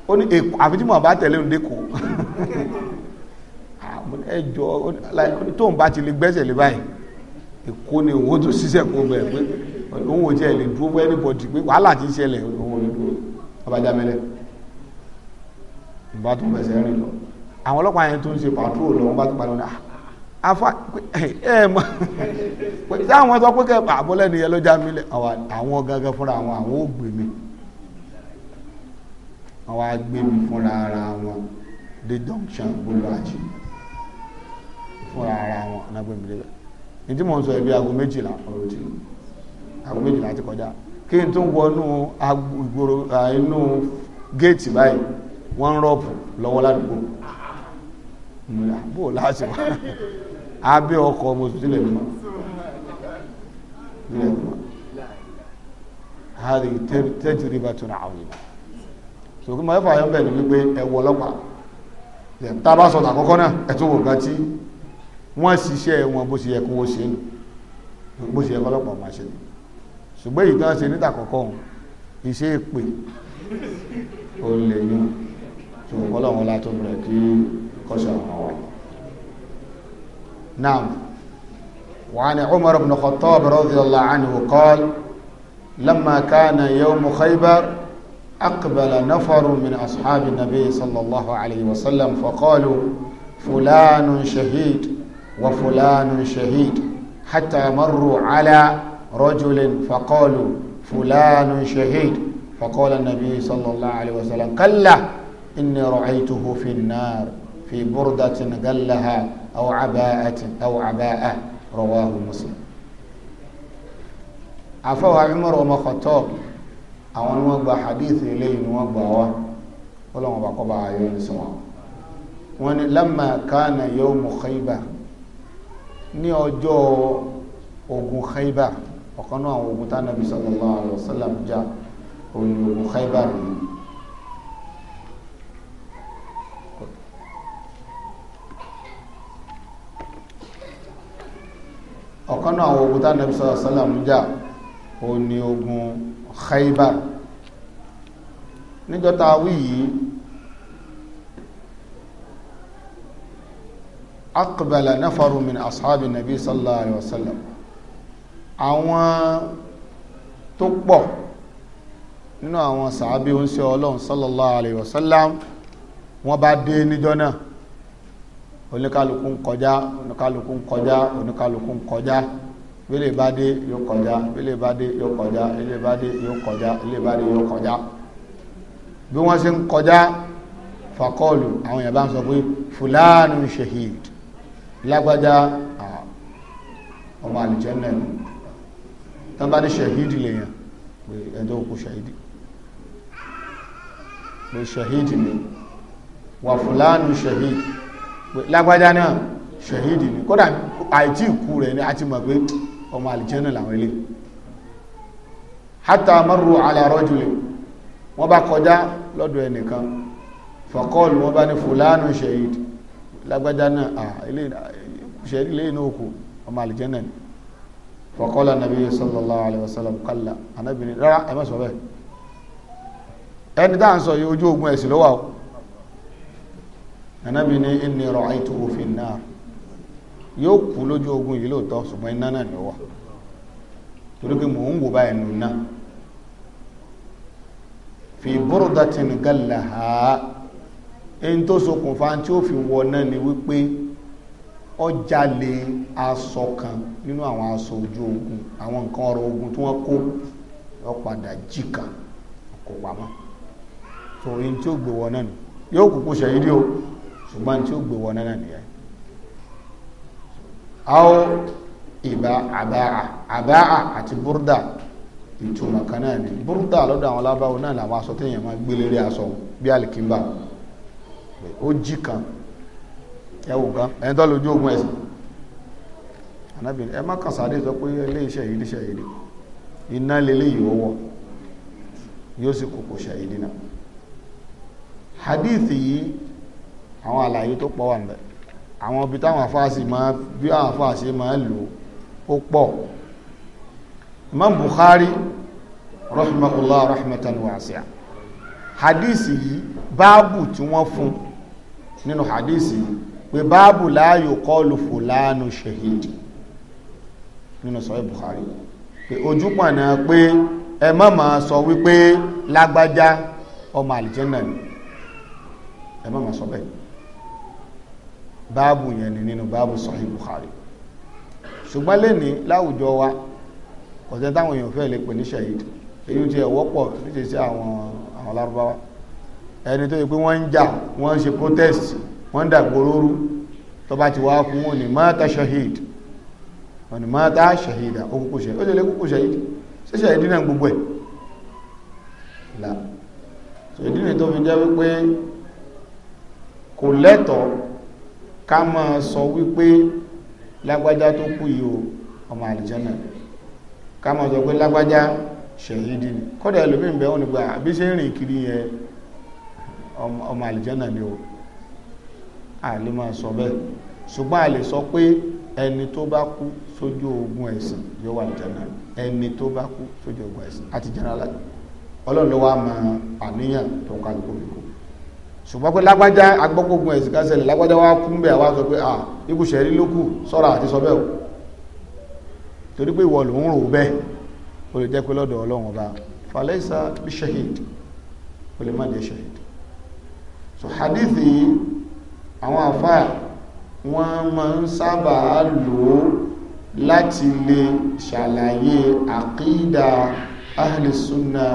ó ní èkó àfi tí mo bá tẹ̀lé òun dékò ẹjọ́ tóun bá ti lè gbẹ́sẹ̀ lé báyìí èkó ni òun ó tún ṣiṣẹ́ kó bẹ̀rẹ̀ pé òun ò tiẹ̀ lè dúró fún anybody pé wàhálà ti ń ṣẹlẹ̀ òun ò lè dúró ọba jámẹ́lẹ́ ìbá tó fẹsẹ̀ rìn lọ àwọn ọlọ́pàá yẹn tó ń ṣe pàtrò lọ wọn bá tó balọ̀ náà afa ẹ ẹ mọ ṣé àwọn sọ pé kẹfà ah, àbọ̀lẹ̀ nìyẹn ló já mi lẹ àwọn gangan fúnra àwọn àwọn ò gbé mi àwọn agbé mi fúnra ara wọn dé junction gbólọ àjì fúnra ara wọn ọ̀nàgbé mi débẹ̀ ní tí mò ń sọ ibi aago méjìlá ọ̀rọ̀ tí aago méjìlá ti kọjá kí n tún wọnú ìgboro inú géètì báyìí wọ́n ń rọ́ọ̀pù lọ́wọ́ ládùúgbò bó láti wá abẹ́ ọkọ̀ ọmọ sílẹ̀ mọ́ sílẹ̀ mọ́ hali tẹ́tìrì bá tún àwọn ìlú sòkè mọ́ ẹ̀fọ́ ayọ́mbẹ̀ ni wípé ẹ̀wọ̀ ọlọ́pàá tá a bá sọ̀tà àkọ́kọ́ náà ẹ̀tún wò ga tí wọ́n ṣiṣẹ́ wọn bó ṣe yẹ kó wọ́n ṣe nù bó ṣe yẹ kọ́lọ́pàá máa ṣe nù ṣùgbọ́n èyí tó ń ṣe níta kọ̀ọ̀kan ìṣe èpè ó lè yún tó ọlọ́run ọlá tó bẹ̀rẹ̀ kí kọ́ṣọ́ àwọn wa. naam وعن عمر بن الخطاب رضي الله عنه قال لما كان يوم خيبر أقبل نفر من أصحاب النبي صلى الله عليه وسلم فقالوا فلان شهيد وفلان شهيد حتى مروا على رجل فقالوا فلان شهيد فقال النبي صلى الله عليه وسلم كلا inni ra'aytuhu fi nnar fi burdatin gallaha aw aba'atin aw aba'a rawahu muslim. àfọwọ́ Umar ọmọ Khattab àwọn ni wọ́n gba hadith eléyìí ni wọ́n gbà wá ọlọ́wọ́n bá kọ́ bá ayọ́ ní sọ wọn. wọ́n ní lamma kana yawmu Khaybar ní ọjọ́ ogun Khaybar ọ̀kan náà àwọn ogun tá a nàbí sallallahu alaihi wasallam jà òun ogun Khaybar nìyí. ọ̀kan náà àwọn ogun tá nàbí sọ́lá sọ́lá mú jà ó ní ogun Khaybar níjọta wí yìí akbala nafaru min ashabi nabi sallallahu alaihi wasallam àwọn tó pọ̀ nínú àwọn sàábí oúnṣẹ́ ọlọ́run sallallahu alaihi wasallam wọ́n bá dé níjọ́ náà oníkálukú kọjá oníkálukú kọjá oníkálukú kọjá bílẹ̀ bá dé yóò kọjá bílẹ̀ bá dé yóò kọjá bílẹ̀ bá dé yóò kọjá bílẹ̀ bá dé yóò kọjá bí wọ́n ṣe ń kọjá fakọ́ọ̀lù àwọn èèyàn bá ń sọ pé fúlàánù shahid lágbájá ọmọ àlùjẹ́nà ẹ̀ tán shahid lèèyàn pé ẹ̀dọ́ òkú shahid pé shahid ni wà fúlàánù shahid pé lágbájá náà shahid ni kódà àìtí ìkú rẹ̀ ni a ti mọ̀ pé ọmọ àlìjẹ́nà làwọn ilé hátà marru ala rajuli wọ́n bá kọjá lọ́dọ̀ ẹnìkan fọ̀kọ́ọ̀lù wọ́n bá ní fùlánù ṣẹ̀yìd lágbájá náà ṣẹ̀yìd ilé inú òkú ọmọ àlìjẹ́nà ni fọ̀kọ́ọ̀lù nàbí sallallahu alaihi wasallam kalla anábìnrin rárá ẹ má sọ bẹ́ẹ̀ ẹni tá à ń sọ yìí ojú ogun ẹ̀sìn ló wà o anábìnrin inni ra'aytuhu fin nar yóò kú ogun yìí lóòótọ́ ṣùgbọ́n iná náà ni ó wà torí pé mò ń wò bá ẹnu náà fi burdatin gallaha ẹni tí ó fi wọ náà ni wípé ọjà lè aṣọ kan nínú àwọn aṣọ ojú ogun àwọn nǹkan ọrọ̀ ogun tí wọ́n kó padà jì kan kò pamọ́ tí ó wọ náà yóò o ṣùgbọ́n tí ó gbé aw iba abaa abaa àti búrúdà ìtumọ̀ kan náà ni búrúdà lọ́dọ̀ àwọn alábáwo náà làwọn aṣọ tí èèyàn máa gbé lérí aṣọ bí alikimba ó jí kan ẹ wò kan ẹni tó lójú ogun ẹ̀sìn anábìrin ẹ má kàn sáré sọ pé ilé iṣẹ́ yìí iṣẹ́ yìí iná lélẹ́ yìí ọwọ́ yóò sì kòkò ṣàyìí dínà hadith yìí àwọn àlàyé tó pọ̀ wà ń àwọn ibi táwọn afáàsì máa bí àwọn afáàsì máa lò ó pọ̀ Imam Bukhari rahimahullah rahmatan wasi'a hadisi yìí báàbù tí wọ́n fún nínú hadisi yìí pé báàbù la yuqalu fulanu shahid nínú sọ́yẹ́ Bukhari pé ojú pànà pé ẹ má máa sọ wípé lágbájá ọmọ àlìjẹ́nà ni ẹ má máa sọ bẹ́ẹ̀ báàbù yẹn ni nínú báàbù Sahih Bukhari ṣùgbọ́n lẹ́ni láwùjọ wa ọ̀tẹ́ táwọn èèyàn fẹ́ lè pè ní ṣahid èyí tí ẹ̀ wọ́pọ̀ níṣẹ́ sí àwọn àwọn lárúbáwá ẹni tó yẹ pé wọ́n ń jà wọ́n ń ṣe protest wọ́n ń dàgbòrórú tó bá ti wá kú wọn ni mata ṣahid wọn ni mata ṣahida ó kúkú ṣahid ó lè lè kúkú ṣahid ṣe ṣahid náà gbogbo ẹ̀ là so ìdí tó fi jẹ́ wípé kò lẹ́tọ̀ọ́ ká máa sọ wípé lágbájá tó kú yìí o ọmọ àlìjánà ká máa sọ pé lágbájá ṣẹ̀yídì ni kọ́dà ẹlòmíín bẹ́ẹ̀ wọ́n gba àbí ṣe ń rìn kiri yẹn ọmọ àlìjánà ni o a lè máa sọ bẹ́ẹ̀ ṣùgbọ́n a lè sọ pé ẹni tó bá kú sójú ogun ẹ̀sìn yóò wà àlìjánà ẹni tó bá kú sójú ogun ẹ̀sìn àti jẹ́nà ọlọ́run ló wá máa àníyàn tó kálukú ṣùgbọ́n pé lágbájá agbọ́gbógun ẹ̀sìn kan ṣẹlẹ̀ lágbájá wá kú bẹ́ẹ̀ wá sọ pé à ibù ṣẹ̀rí ló kù sọ́ra àti sọ bẹ́ẹ̀ o torí pé ìwọ ló ń rò bẹ́ẹ̀ o lè jẹ́ pé lọ́dọ̀ ọlọ́run ọba falẹ́sà bí shahid o lè má jẹ́ shahid so hadithi àwọn àfa wọ́n máa ń sábà lò ó láti lè ṣàlàyé àkídà ahlis sunna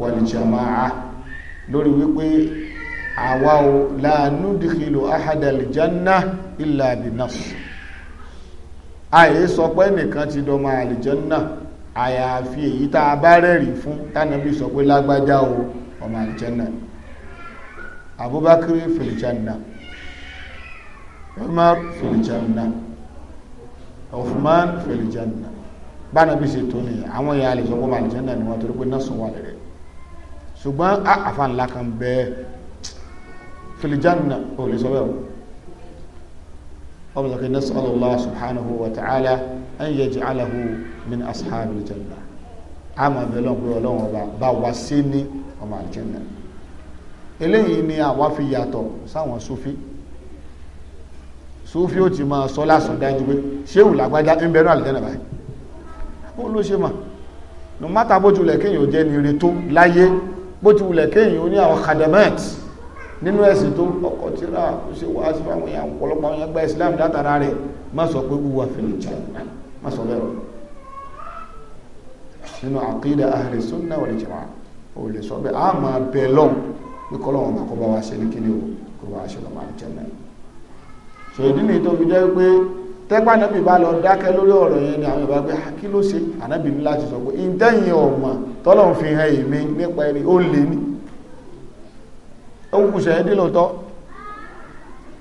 wal jama'a lórí wípé àwa o la nudkhilu ahadal janna illa bi nafs àyè sọ pé nìkan ti dọmọ àlìjánná àyàfi èyí tá a bá rẹ̀rí fún tánàbí sọ pé lágbájá o ọmọ àlìjánná Abubakar filijanna Umar filijanna Uthman filijanna bánàbí ṣe tó nìyẹn àwọn èèyàn àlìjánná ni wọ́n torí pé náà sùn wà lẹ́rẹ̀ ṣùgbọ́n àfàǹlá kan bẹ́ẹ̀ filijanna ò lè sọ bẹ́ẹ̀ o ọmọ ìsọ̀kè nas'al Allah subhanahu wa ta'ala an yaj'alahu min ashabil janna a máa bẹ̀rẹ̀ lọ́wọ́ pé ọlọ́run ọba bá wa sí ní ọmọ àlùjànnà eléyìí ni àwa fi yàtọ̀ sáwọn sufi sufi ó ti máa sọ lásán dájú pé ṣéwù làgbájá ń bẹ̀rẹ̀ àlùjànnà báyìí ó ló ṣe mà no matter bó kéèyàn jẹ́ ni ire láyé bó ti kéèyàn ní àwọn kadamet nínú ẹ̀sìn tó ọkọ̀ tíra ó ṣe wá sí fáwọn èèyàn ọ̀pọ̀lọpọ̀ àwọn ẹgbẹ́ Islam látara rẹ̀ má sọ pé wúwa fìlì jà má sọ bẹ́ẹ̀ nínú àkídà ahli sunnah wal jamaa ò lè sọ bẹ́ẹ̀ a máa bẹ̀ lọ́n pé kọ́lọ́wọ́n máa kọ́ bá wa ṣe ní kíni o kó bá wa ṣe lọ́mọ àlùjẹ́ náà ṣò ìdí nìyí tó fi jẹ́ pé tẹ́gbà nábì bá lọ dákẹ́ lórí ọ̀rọ̀ yẹn ni àwọn ìbá pé ah, kí ló ṣe ànábì ní láti sọ pé ìtẹ́yìn ọ̀mà tọ́lọ́ fi hàn èmi nípa ẹni ó lè ní ó kù sẹ́yìn dí lóòótọ́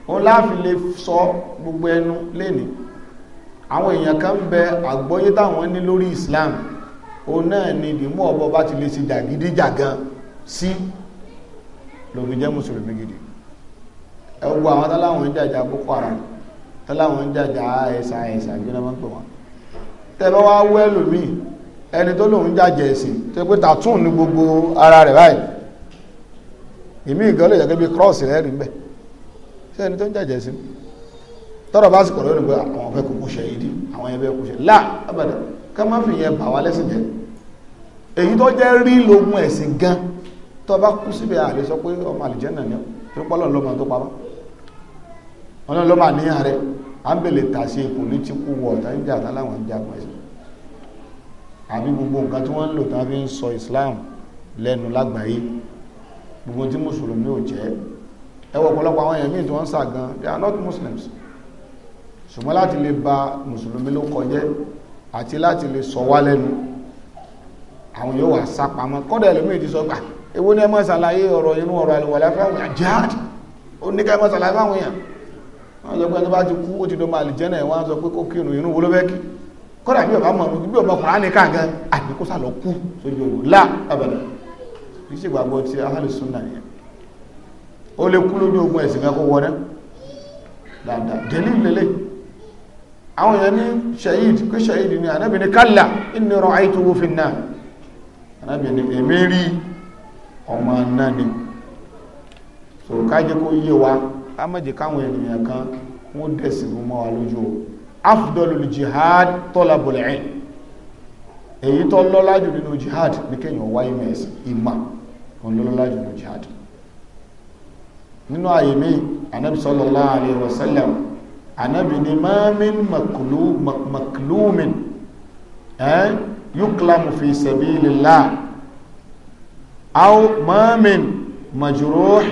ó láàfin lè sọ gbogbo ẹnu lénìí àwọn èèyàn kan bẹ àgbọ́yé táwọn ní lórí Islam ó náà ni dìmú ọ̀bọ bá ti lè ṣe jàgídíjàgan sí lòfin jẹ́ mùsùlùmí gidi ẹ gbogbo àwọn táláwọn ń jàjà Boko Haram táláwọn ń jàjà ẹ̀sà ẹ̀sà gíná máa ń pè wọ́n tẹ́lọ́ wá wẹ́lòmíì ẹni tó lòun jàjẹ̀ ẹ̀sìn tó pé tàtún ní gbogbo ara rẹ̀ báyìí ìmí ìgbà lè jẹ́ bí kírọ́ọ̀sì rẹ̀ rí mbẹ́ ṣé ẹni tó ń jàjẹ́ sí tọ́rọ̀ bá sì kọ̀ lórí pé àwọn ọ̀fẹ́ kò kú ṣe yìí àwọn ẹ̀fẹ́ kò ṣe là abàdà ká má fi yẹn bà wá lẹ́sìn jẹ́ èyí tó jẹ́ rí lógun ẹ̀sìn gan tó bá kú síbẹ̀ àlè sọ pé ọmọ àlùjànnà ni tó ń pọ́lọ̀ lọ́mọ tó pamọ́ ọlọ́run ló máa níyàn rẹ̀ à ń bèlè tà sí pòlítíkù wọ̀ táyíjà táláwọn ń jagun ẹ̀sìn àbí gbogbo nǹkan tí wọ́n ń lò tá a fi ń sọ Islam lẹ́nu lágbàáyé gbogbo tí mùsùlùmí ò jẹ́ ẹwọ ọ̀pọ̀lọpọ̀ àwọn èèyàn míì tí wọ́n ń sà gan they are not muslims ṣùgbọ́n láti lè ba mùsùlùmí ló kọjẹ́ àti láti lè sọ wá lẹ́nu àwọn yóò wà sá pamọ́ kọ́dà ẹlòmíì ti sọ gbà èwo ni ẹ máa ṣàlàyé ọ̀rọ̀ inú ọ̀rọ̀ àlùwàlá fáwọn èèyàn jihad ó ní ká máa ṣàlàyé fáwọn èèyàn wọ́n sọ pé ẹni bá ti kú ó ti dọ́ máa lè jẹ́ náà wọ́n sọ pé kó kírun inú wo ló fẹ́ kí kọ́dà bí ọba mọ̀ bí ọba kùnrin kan gan àbíkó sà lọ kú sójú òru lá abẹ́rẹ́ kì í ṣe ìgbàgbọ́ ti ahàlù súnà nìyẹn ó lè kú lójú ogun ẹ̀sìn mẹ́kọ́ wọ́n náà dáadáa dẹ̀lú lélẹ̀ àwọn èèyàn ní ṣayid kí ṣayid ní anábì ní kálà inni ra'aytuhu fi náà anábì ní èmi rí ọmọ náà ni so kájẹ́ kó yé wa ká má jẹ́ káwọn ènìyàn kan wọ́n dẹ̀sìn mọ́ wa lójú o jihad talabul ilm èyí tó lọ́lá jù nínú jihad ní kéèyàn wáyé mẹ́sìn imam òun ló jihad nínú ààyè mi anabi sallallahu alayhi wa sallam anabi ni mamin maklumin eh yuklamu fi sabilillah aw mamin majruh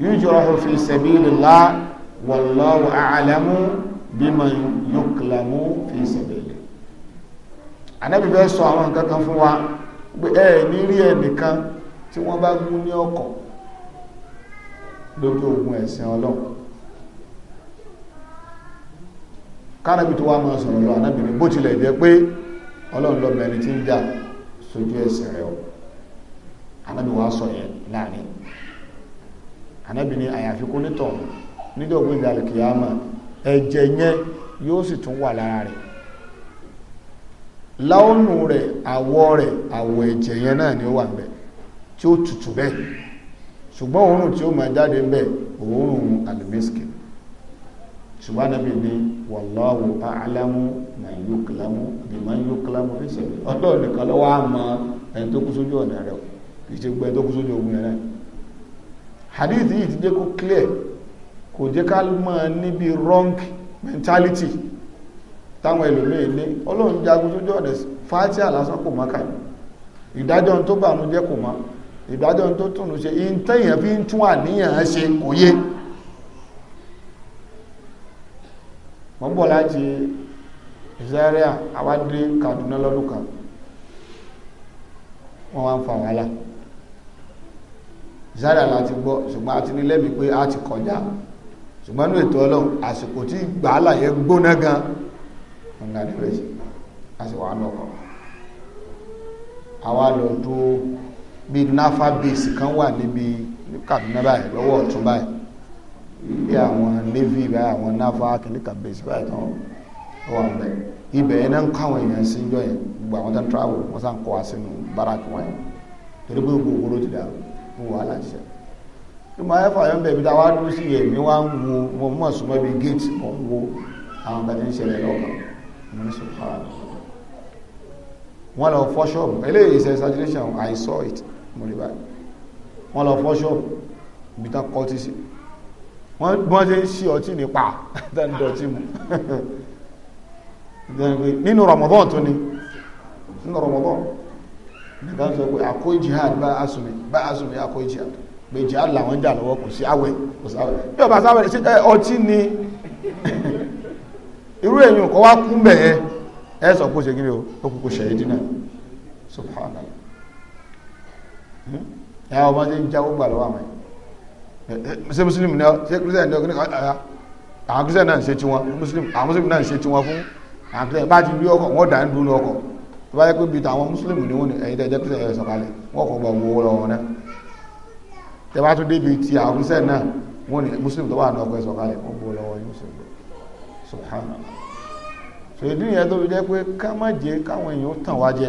yujrahu fi sabilillah wallahu a'lamu bima yuklamu fi sabilillah anabi bẹ́ẹ̀ sọ àwọn nǹkan kan fún wa pé ẹ ní rí ẹnìkan tí wọ́n bá gún ní ọkàn lójú ogun ẹ̀sìn ọlọ́run kárẹ́bì tó wá máa sọ̀rọ̀ lọ ànábìnrin bó tilẹ̀ jẹ́ pé ọlọ́run lọ mẹ́rin tí ń jà sójú ẹ̀sìn rẹ̀ ọ́ ànábì wá sọ yẹn láàrin ànábì ní àyàfi kó nítọ̀ nídọ̀gbìn ìdàlẹ̀ kìyàmà ẹ̀jẹ̀ yẹn yóò sì tún wà lára rẹ̀ láwọnù rẹ̀ àwọ̀ rẹ̀ àwọ̀ ẹ̀jẹ̀ yẹn náà ni ó wà ń bẹ̀ tí ó tutù bẹ́ẹ̀ ṣùgbọ́n òórùn tí ó máa jáde ń bẹ̀ òórùn alimiski ṣùgbọ́n Ànábì ní wallahu a'lamu man yuklamu bí man yuklamu fi sẹ̀rẹ̀ ọlọ́run nìkan lọ́wọ́ á mọ ẹni tó kú sójú ọ̀nà rẹ̀ kì í ṣe gbẹ́ tó kú sójú ogun rẹ̀ hadith yìí ti jẹ́ kó clear kò jẹ́ ká mọ́ níbi wrong mentality táwọn ẹlòmíì ní ọlọ́run jagun sójú ọ̀nà fàtíà lásán kò mọ́ kàní ìdájọ́ tó bàánú jẹ́ kò mọ́ ìdájọ́ tó túnú ṣe in tẹ́yàn fi ń tún àníyàn ṣe kò yé mọ́ bọ̀ láti Zaria àwádìí Kaduna lọ́dún kan wọ́n wá ń fa wàhálà Zaria láti gbọ́ ṣùgbọ́n a ti ní lẹ́mí pé a ti kọjá ṣùgbọ́n ní ètò ọlọ́run àsìkò tí gbàálà yẹ gbóná gan ọ̀nà àdìrẹ́sì a sì wà lọ́kọ̀ọ́ àwa lọ bí náfà base kan wà níbi Kaduna báyìí lọ́wọ́ ọ̀tún báyìí bí àwọn navy báyìí àwọn náfà kìnnìkà base báyìí tán wà bẹ́ẹ̀ ibẹ̀ yẹn náà ń káwọn èèyàn sí jọ yẹn gbogbo àwọn tó ń travel wọ́n sàn kọ́ wa sínú báràkì wọn yẹn torí pé gbogbo owó ló ti dàrú fún wàhálà ṣe ní ma ẹ́fà yọ́n bẹ̀bí ta wá dúró sí èmi wá ń wo mo mọ̀ súnmọ́ bí gate mo ń wo àwọn ọ̀gá tí ń ṣẹlẹ̀ lọ́kàn mo ní sọ fara wọ́n lọ fọ́ ṣọ́ọ̀bù eléyìí ṣe saturation I saw it mo rí báyìí wọ́n lọ fọ́ṣọ́ ibi tán kọ́ ti sí wọ́n wọ́n ṣe ń ṣí ọtí nípa dáńdọ̀tí mu nínú Ramadan tó ni nínú Ramadan nìkan sọ pé àkó jihad bá asùnmi bá asùnmi àkó jihad pé jihad làwọn jà lọ́wọ́ kò sí àwẹ̀ kò sí àwẹ̀ bí ọba sáwẹ̀ ṣe ọtí ni irú èyàn kọ́ wá kú mẹ́ẹ̀ ẹ sọ pé ó ṣe gíní o ó kúkú ṣẹ̀yìn dínà subhanallah ẹ ọmọ tí ń jáwó gbà lọ́wọ́ àwọn ṣe mùsùlùmí náà ṣe kírísítẹ̀ náà kíní àwọn kírísítẹ̀ náà ń ṣe tiwọn àwọn mùsùlùmí náà ń ṣe tiwọn fún àwọn kírísítẹ̀ bá ti rí ọkọ̀ wọ́n dà ń dúró ọkọ̀ tó bá yẹ pé bíi tàwọn mùsùlùmí ni wọ́n ní ẹ̀yin tẹ́ jẹ́ kírísítẹ̀ ẹ̀ sọ̀kalẹ̀ wọ́n kọ̀ gbà wọ́ lọ́wọ́ náà tẹ́ bá tún débi ti àwọn kírísítẹ̀ náà wọ́n ní mùsùlùmí tó wà ní ọkọ̀ ẹ̀ sọ̀kalẹ̀ wọ́n gbọ́ lọ́wọ́ yín mùsùlùmí subhanallah so ìdí nìyẹn tó fi jẹ́ pé ká má jẹ́ káwọn èèyàn tàn wá jẹ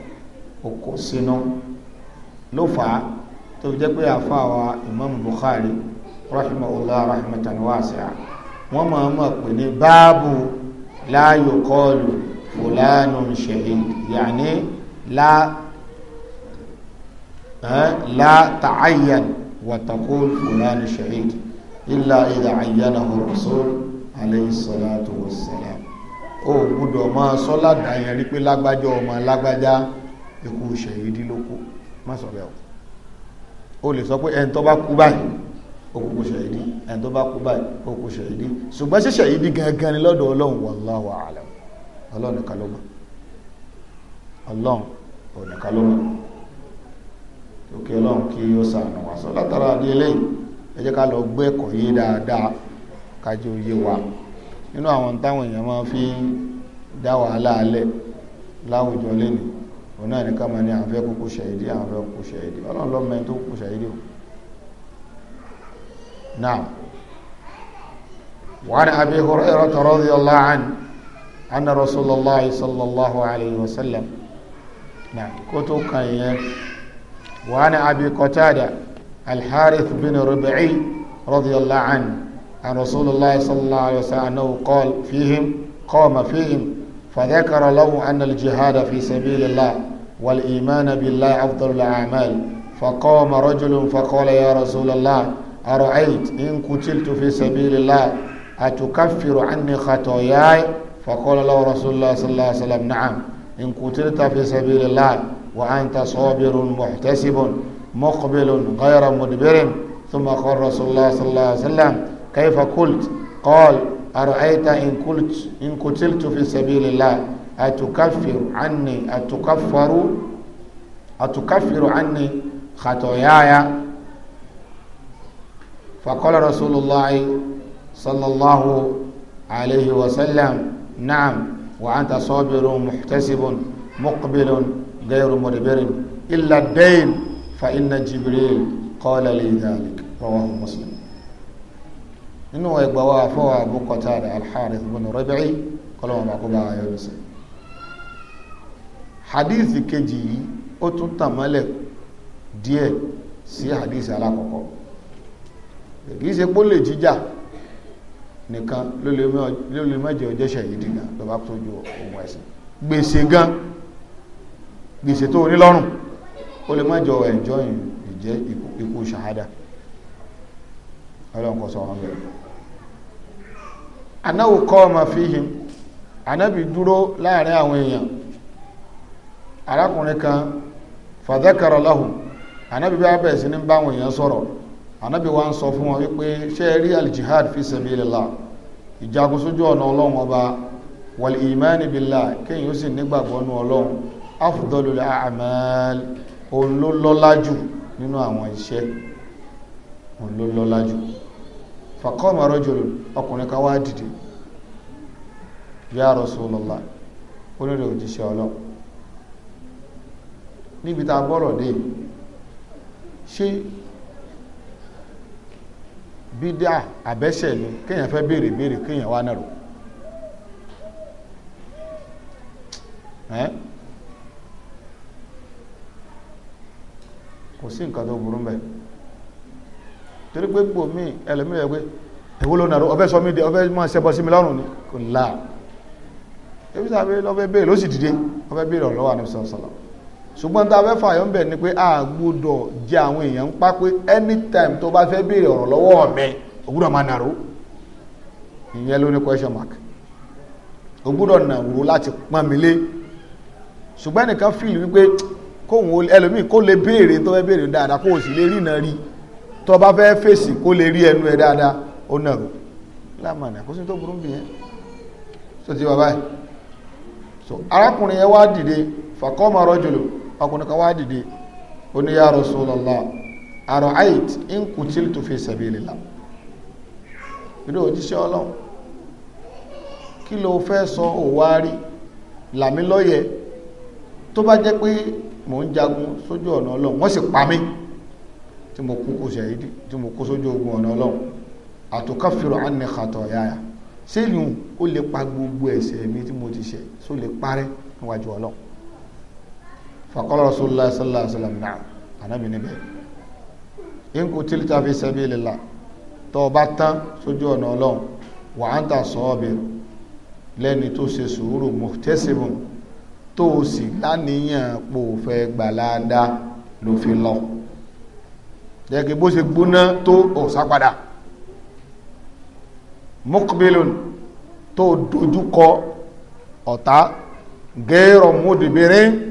okò sínú ló fà á tó fi jẹ́ pé àfa wa imam bukhari rahimahullah rahmatan wasi'a wọ́n máa mọ̀ pé ní báàbù la yuqalu fulanun shahid yàní la la ta'ayyan wa taqul fulanun shahid illa idha ayyanahu rasul alayhi salatu wassalam máa sọ ládàá rí pé lágbájá ọmọ lágbájá ikú ṣèyídí ló kú má sọ bẹ́ẹ̀ o lè sọ pé ẹni tó bá kú báyìí ó kú kú ṣèyídí ẹni tó bá kú báyìí ó ṣèyídí ṣùgbọ́n ṣe ṣèyídí gangan ni lọ́dọ̀ ọlọ́run wallahu a'lam ọlọ́run nìkan ló mọ̀ ọlọ́run ò nìkan ló mọ̀ òkè ọlọ́run kí ó sàánù wá sọ látara ní eléyìí ẹ jẹ́ ká lọ gbé ẹ̀kọ́ yé dáadáa kájọ yé wa nínú àwọn táwọn èèyàn máa fi dá wàhálà alẹ́ láwùjọ lénìí òun náà ní káma ní àfẹ́ kúkú ṣàìdí àfẹ́ kúkú ṣàìdí ọlọ́run lọ́mọ ẹni tó kúkú ṣàìdí o náà وعن أبي هريرة رضي الله عنه أن رسول الله صلى الله عليه وسلم نعم كتب كان وعن أبي قتادة الحارث بن ربعي رضي الله عنه عن رسول الله صلى الله عليه وسلم أنه قال فيهم قام فيهم فذكر له أن الجهاد في سبيل الله والإيمان بالله أفضل الأعمال فقام رجل فقال يا رسول الله أرأيت إن قتلت في سبيل الله أتكفر عني خطاياي فقال له رسول الله صلى الله عليه وسلم نعم إن قتلت في سبيل الله وأنت صابر محتسب مقبل غير مدبر ثم قال رسول الله صلى الله عليه وسلم كيف قلت قال أرأيت إن قلت إن قتلت في سبيل الله atukafiru anni atukafaru atukafiru anni khatoyaya faqala rasulullahi sallallahu alayhi wa sallam naam wa anta sabirun muhtasibun muqbilun ghayru mudbirin illa ad-dayn fa inna jibril qala li dhalik rawahu muslim nínú ẹgbàá wa fọwọ́ Abu Qatada al-Harith bin Rabi'i kọ́lọ́wọ́n bá hadith keji yìí ó tún tàn mọ́lẹ̀ díẹ̀ sí hadith alákọ̀ọ́kọ́ kìí ṣe pólè jíjà nìkan ló lè mẹ́jẹ ọjọ́ ṣẹ̀yìdì gan tó bá tó ju ohun ẹ̀sìn gbèsè gan gbèsè tó ní lọ́rùn ó lè mẹ́jọ ẹ̀jọ́ ìjẹ́ ikú ṣahada ọlọ́nkọ̀ sọ wọn bẹ̀rẹ̀ anáwó kọ́ ọmọ fíhìn anábì dúró láàrin àwọn èèyàn arákùnrin kan fàdákàrà láhùn anábì bá bẹ̀rẹ̀ sí ní bá àwọn èèyàn sọ̀rọ̀ anábì wa ń sọ fún wọn wípé ṣé rí fi ìjagun sójú ọ̀nà ọlọ́run ọba wal imani billah kéèyàn ó sì nígbàgbọ́ nú ọlọ́run afdalul a'mal òun ló nínú àwọn iṣẹ́ òun ló lọ́lá ọkùnrin kan wá dìde ya Rasulullah onírè òjíṣẹ́ ọlọ́run níbi tá a bọ́rọ̀ dé ṣé bídà àbẹ́sẹ̀ ni kéèyàn fẹ́ béèrè béèrè kéèyàn wá nàró kò sí nǹkan tó burú mbẹ torí pé gbò mí ẹlẹ́mí rẹ̀ pé èwo ló nàró ọfẹ́ sọ mí di ọfẹ́ máa ṣẹbọ sí mi lọ́rùn ni kò láà ebi sábẹ́ lọ́fẹ́ béèrè ló sì dìde ọfẹ́ béèrè ọ̀lọ́wà ní sọ́sọ́lọ́ ṣùgbọ́n tá a fẹ́ fààyàn bẹ̀ ni pé a gbọ́dọ̀ jẹ àwọn èèyàn ń pa pé anytime tó bá fẹ́ béèrè ọ̀rọ̀ lọ́wọ́ mi o gbọ́dọ̀ máa nàró ìyẹn ló ní question mark o gbọ́dọ̀ nàró láti pọ́n mi lé ṣùgbọ́n nìkan fìlì wípé kóhun ẹlòmíì kó lè béèrè tó fẹ́ béèrè dáadáa kó o sì lè rí iná rí tó bá fẹ́ fèsì kó lè rí ẹnu ẹ dáadáa ó nàró lámàna kó sì tó burú bìyẹn sọ ti bàbá yìí so arákùnrin yẹn wá dìde fàkọ́ máa rọ́jòlò ọkùnrin kan wá dìde ó ní ya Rasulullah ara'ayt in qutiltu fi sabilillah ìdó òjíṣẹ́ ọlọ́run kí ló fẹ́ sọ òwárí làmí lọ́yẹ tó bá jẹ́ pé mò ń jagun sójú ọ̀nà ọlọ́run wọ́n sì pa mi tí mo kú kò ṣẹ̀yìdì tí mo kó sójú ogun ọ̀nà ọlọ́run àtòkáfìrò ànì kàtọ̀ yáyà sẹ́yìn ó lè pa gbogbo ẹ̀ṣẹ̀ mi tí mo ti ṣẹ̀ só lè parẹ́ níwájú ọlọ́run faqala rasulullah sallallahu alaihi wa sallam na'am anabi níbẹ̀ in qutilta fi sabilillah tó bá tán sójú ọ̀nà ọlọ́run wa anta sabir lẹ́ni tó ṣe sùúrù muhtasibun tó o sì láníyàn pò fẹ́ gbàládá ló fi lọ jẹ́kí bó ṣe gbóná tó o sápadà mukbilun tó dojúkọ ọ̀tá gẹ́rọ̀ mọ́dìbìrín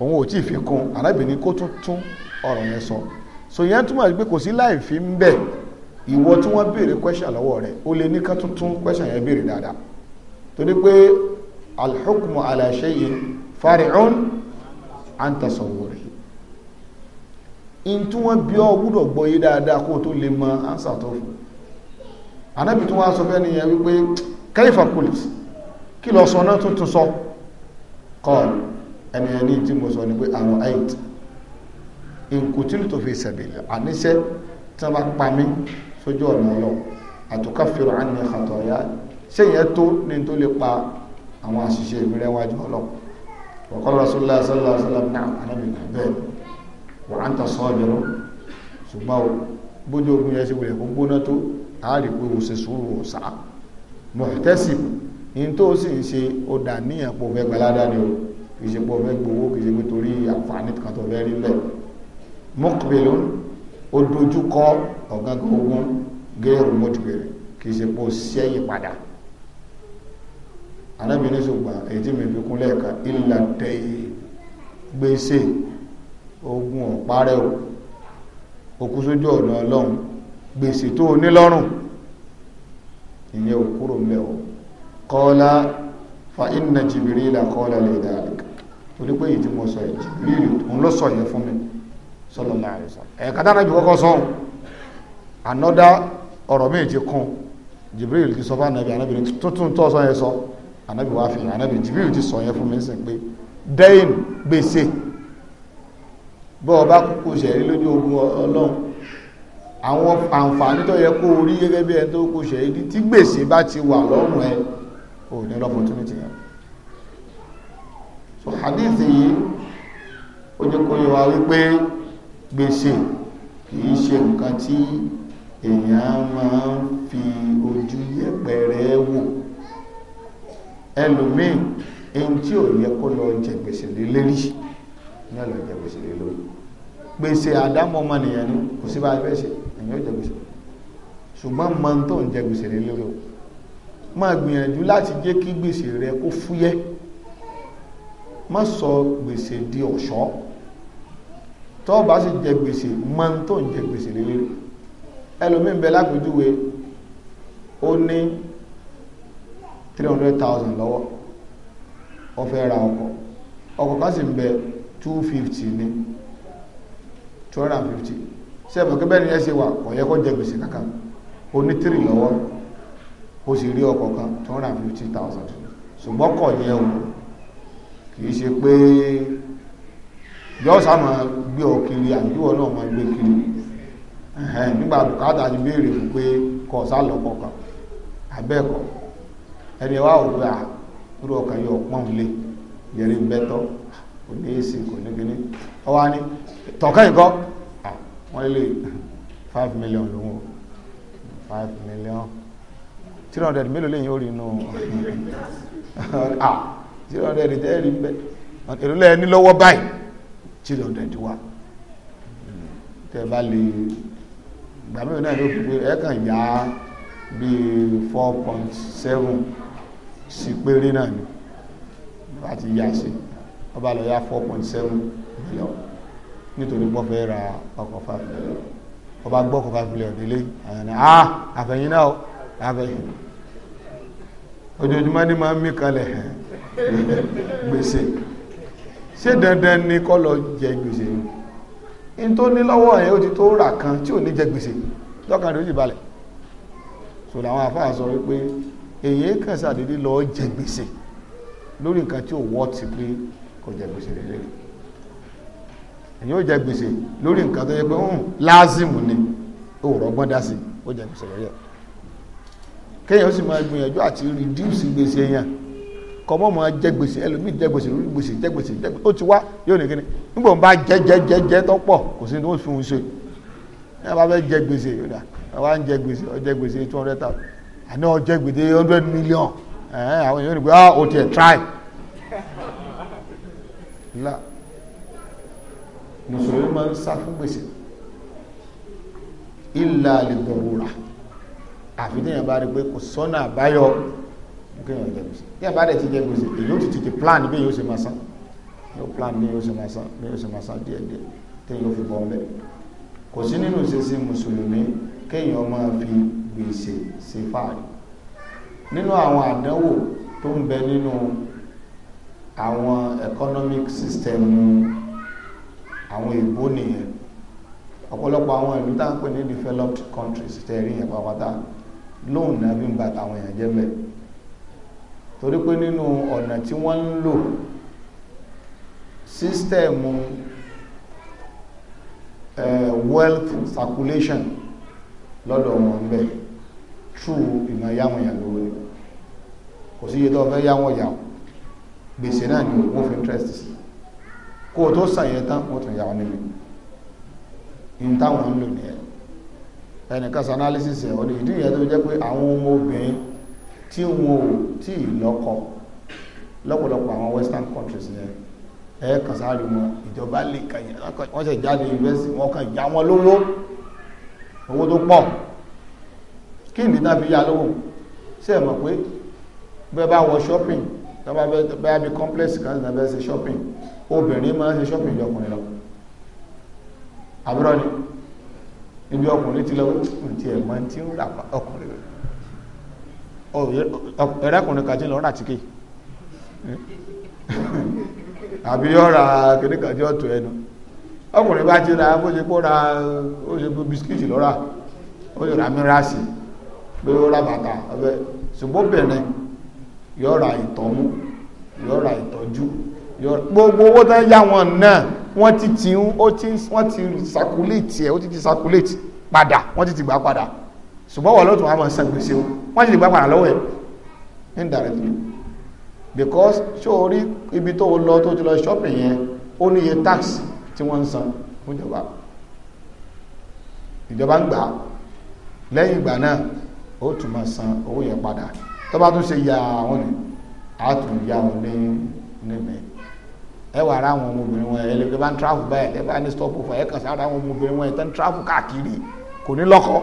òun ò tí ì fi kún arábìnrin kó tún tún ọ̀rọ̀ yẹn sọ so yẹn túmọ̀ sí pé kò sí láì fi ń bẹ̀ ìwọ tí wọ́n béèrè question lọ́wọ́ rẹ̀ ó lè ní ká tuntun question yẹn béèrè dáadáa torí pé alḥukmu ala shay'in fari'un an tasawwuri in tí wọ́n bí ọ gbúdọ̀ gbọ́ yé dáadáa kó tó lè mọ ansa tó fún anábì tí wọ́n sọ fẹ́ nìyẹn wípé kayfa qult kí lọ sọ náà tuntun sọ kọ́ọ̀lù ẹni ẹni tí mo sọ ni pé àrùn eight nkùtìlù tó fi sẹ̀bìlì àníṣẹ́ tí wọ́n bá pa mí sójú ọ̀nà ọlọ́ àtúkà fìrọ̀ á ní ìkàtọ̀ ọ̀yá ṣé ìyẹn tó ní tó lè pa àwọn àṣìṣe mi rẹ́ wájú ọlọ́ ọ̀kọ́lọ́ rasulullah sallallahu alaihi wasallam náà bẹ́ẹ̀ wà á ń tà sọ́ọ̀bìrún ṣùgbọ́n bójú ogun yẹn ṣe wulẹ̀ kó gbóná tó àárí pé o ṣe sùúrù ọ̀sà mọ̀tẹ́sì ní tó sì ń ṣe ó dà níyàn fẹ́ gbaládá ni kìí ṣe pé ọfẹ́ gbowó kìí ṣe pé torí àǹfààní kan tó fẹ́ rí lẹ̀ mọ́kùbẹ̀lú ó dojúkọ ọ̀gángan ogun gẹ́rù mọ́tìbẹ̀rẹ̀ kìí ṣe pé ó sẹ́yìn padà arábìnrin ṣùgbọ́n èyí mi fi kún lẹ́ẹ̀kan ìlà tẹ̀yẹ gbèsè ogun ọ̀párẹ́ o okú sójú ọ̀nà ọlọ́run gbèsè tó ní lọ́rùn ìyẹn ò kúrò mẹ́ o kọ́lá fa inna Jibrila kọ́lá lè dáadé torí pé èyí tí mo sọ yìí rírí òun ló sọ yẹn fún mi sallallahu alaihi wasallam ẹ̀ka dáná ju kọ́kọ́ sọ anọ́dá ọ̀rọ̀ mi ti Jibril ti sọ fún anabi anabi tuntun tó sọ yẹn sọ anabi wàá fi anabi Jibril ti sọ yẹn fún mi sìn pé dẹ́yìn gbèsè bọ́ ọba kúkú sẹ̀rí lójú ogun ọlọ́run àwọn àǹfààní tó yẹ kó rí gẹ́gẹ́ bí ẹni tó kú sẹ̀rí tí gbèsè bá ti wà lọ́rùn ẹ ò lọ́pọ̀ tó ní ti yẹn so hadith yìí ó jẹ́ kó yọ wa wípé gbèsè kìí ṣe nǹkan tí èèyàn máa ń fi ojú yẹpẹrẹ wò ẹlòmíì ẹni tí ò yẹ kó lọ jẹ gbèsè lé lérí ní ọ̀lọ́ jẹ gbèsè lé lórí gbèsè àdámọ́ ọmọnìyàn ni kò sí bá a fẹ́ ṣe èèyàn ò jẹ gbèsè ṣùgbọ́n mọ́ ń jẹ gbèsè lé o máa gbìyànjú láti jẹ́ kí gbèsè rẹ kó fúyẹ́ ma sọ gbèsè di ọ̀ṣọ́ tó bá sì jẹ gbèsè máa ń tó ń jẹ gbèsè lé lórí ẹlòmíín bẹ lápèjúwe ó ní three hundred thousand lọ́wọ́ ó ra ọkọ̀ ọkọ̀ kan sì ń bẹ two fifty ní two hundred and fifty ṣe ẹ̀fọ́ kí ni ẹ ṣe wà kò yẹ kó jẹ gbèsè kankan ó ní three lọ́wọ́ ó sì rí ọkọ̀ kan two hundred and fifty thousand ṣùgbọ́n kọ̀ yẹ o kìí ṣe pé yọ́ sáàmà gbé ọ kiri ma gbé kiri nígbà bùkátà ti béèrè fún pé kọ sálọ̀kọ̀ ẹni wá ò gbà rú ọkàn yọ pọ́n lé yẹrí bẹ́tọ́ kò ní kò ní ọwá ní million million 300 mélòó lè rí inú zero hundred tẹ́ rí mbẹ́ èrúlẹ̀ ẹni lọ́wọ́ báyìí zero hundred wa tẹ́ bá lè ìgbà mẹ́rin náà ló fi pé ẹ kàn four point seven sí péré náà ni bá ti yá sí ọba lọ yá four point seven million nítorí wọ́n fẹ́ ra ọkọ̀ five million ọba gbọ́ ọkọ̀ five million délé àyànà ah àfẹ̀yìn náà àfẹ̀yìn ojoojúmọ́ ni máa ń mí kalẹ̀ hàn gbèsè ṣé dandan ni kó lọ jẹ gbèsè ní tó ní lọ́wọ́ ẹ̀ ó ti tó rà kan tí ò ní jẹ gbèsè lọ́kàn rẹ̀ ó sì balẹ̀ so làwọn àfáà sọ wípé èyí kàn sàdédé lọ jẹ gbèsè lórí nǹkan tí ò wọ́ ti pé kò jẹ gbèsè rẹ̀ lẹ́yìn èyí ó jẹ gbèsè lórí nǹkan tó yẹ pé ń láàzìmù ni ó rọgbọ́n dá sí ó jẹ gbèsè lórí ẹ̀ kéèyàn sì máa gbìyànjú àti reduce gbèsè yẹn kọ́mọ́ mọ́ jẹ gbèsè ẹlòmíì jẹ gbèsè lórí gbèsè jẹ gbèsè jẹ gbèsè ó ti wá yóò ní kíni nígbà wọn bá jẹ jẹ jẹ jẹ tó pọ̀ kò sí ní wọn fi wọn ṣe ní wọn bá fẹ́ jẹ gbèsè yóò dà wọn bá ń jẹ gbèsè ọjẹ gbèsè two hundred thousand àná ọjẹ gbèsè hundred million àwọn èèyàn ní pé ah try la mùsùlùmí máa ń sá fún gbèsè ìlà àlè dọ̀rọ̀ rà àfi téèyàn bá rí pé kò sọ́nà àbáyọ kéèyàn jẹ gbèsè tí ẹ bá dẹ̀ ti jẹ gbèsè èyí ó ti tètè plan bí yóò ṣe máa san yóò plan bí yóò ṣe máa san bí yóò ṣe máa san díẹ̀ díẹ̀ téèyàn fi bọ́ ọbẹ̀ kò sí nínú ṣíṣe mùsùlùmí kéèyàn máa fi gbèsè ṣe fáàrí nínú àwọn àdánwò tó ń bẹ nínú àwọn economic system àwọn èbó nìyẹn ọ̀pọ̀lọpọ̀ àwọn ìlú tá à ń pè ní developed countries tẹ̀rí yẹn pàápàá lóun náà fi ń bàtà àwọn èèyàn jẹ́ bẹ́ẹ̀ torí pé nínú ọ̀nà tí wọ́n ń lò sístẹ̀mù wealth circulation lọ́dọ̀ wọn bẹ̀ true ìmọ̀ yáwọn èèyàn lówó ni kò sí iye tó fẹ́ yáwọn yà gbèsè náà ni wọ́n fi interest sí kó o tó sàn yẹn tán wọ́n tún yà wọn níbi ní táwọn ń lò nìyẹn ẹnìkan sanalysis ẹ̀ ọ́ ní ìdí ìyẹn tó jẹ́ pé àwọn ọmọ obìnrin tí wọn ò tí ì lọ́kọ lọ́pọ̀lọpọ̀ àwọn western countries yẹn ẹ kàn sáré wọn ìjọba lè kàyà wọ́n ṣe jáde yunifásitì wọn kàn já wọn lówó owó tó pọ̀ kí ni náà fi yá lówó ṣe é mọ̀ pé bẹ́ẹ̀ bá wọ shopping tọ́ba bẹ́ẹ̀ bí complex kan náà bẹ́ẹ̀ ṣe shopping obìnrin máa ń ṣe shopping ju ọkùnrin lọ àbúrò ni ibi ọkùnrin ti lọ ti ẹ̀ máa ń ti ń rà ọkùnrin rẹ̀ ẹ̀rẹ́kùnrin kan ti lọ rà tíkì àbí ọ̀rà kìnnì kan tí ó tó ẹnu ọkùnrin bá ti ra bó ṣe kó ra ó ṣe bisikíìtì lọ́ra ó ṣe ra mírasì pé ó ra bàtà ọbẹ̀ ṣùgbọ́n bẹ̀rẹ̀ yọ ra ìtọ́mú yọ ra ìtọ́jú gbogbo owó tó ń yá wọn náà wọ́n ti ti ń ó ti wọ́n ti circulate ẹ̀ ó ti ti circulate padà wọ́n ti ti gbà padà ṣùgbọ́n wọ́n lọ́tún àwọn san gbèsè o wọ́n sì lè gbá padà lọ́wọ́ ẹ̀ indirectly because ṣé o rí ibi tó lọ tó ti lọ ṣọ́ọ̀pù yẹn ó níye tax tí wọ́n ń san fún ìjọba ìjọba ń gbà lẹ́yìn ìgbà náà ó tún máa san owó yẹn padà tó bá tún ṣe ya àwọn ni a tún ya wọn ní níbẹ̀ ẹ wà ara àwọn ọmọbìnrin wọn ẹlẹgbẹ bá ń travel báyìí ẹ bá ní stop fún ẹ kàn sí ara àwọn ọmọbìnrin wọn ẹ tẹ́ ń travel káàkiri kò ní lọ́kọ̀ọ́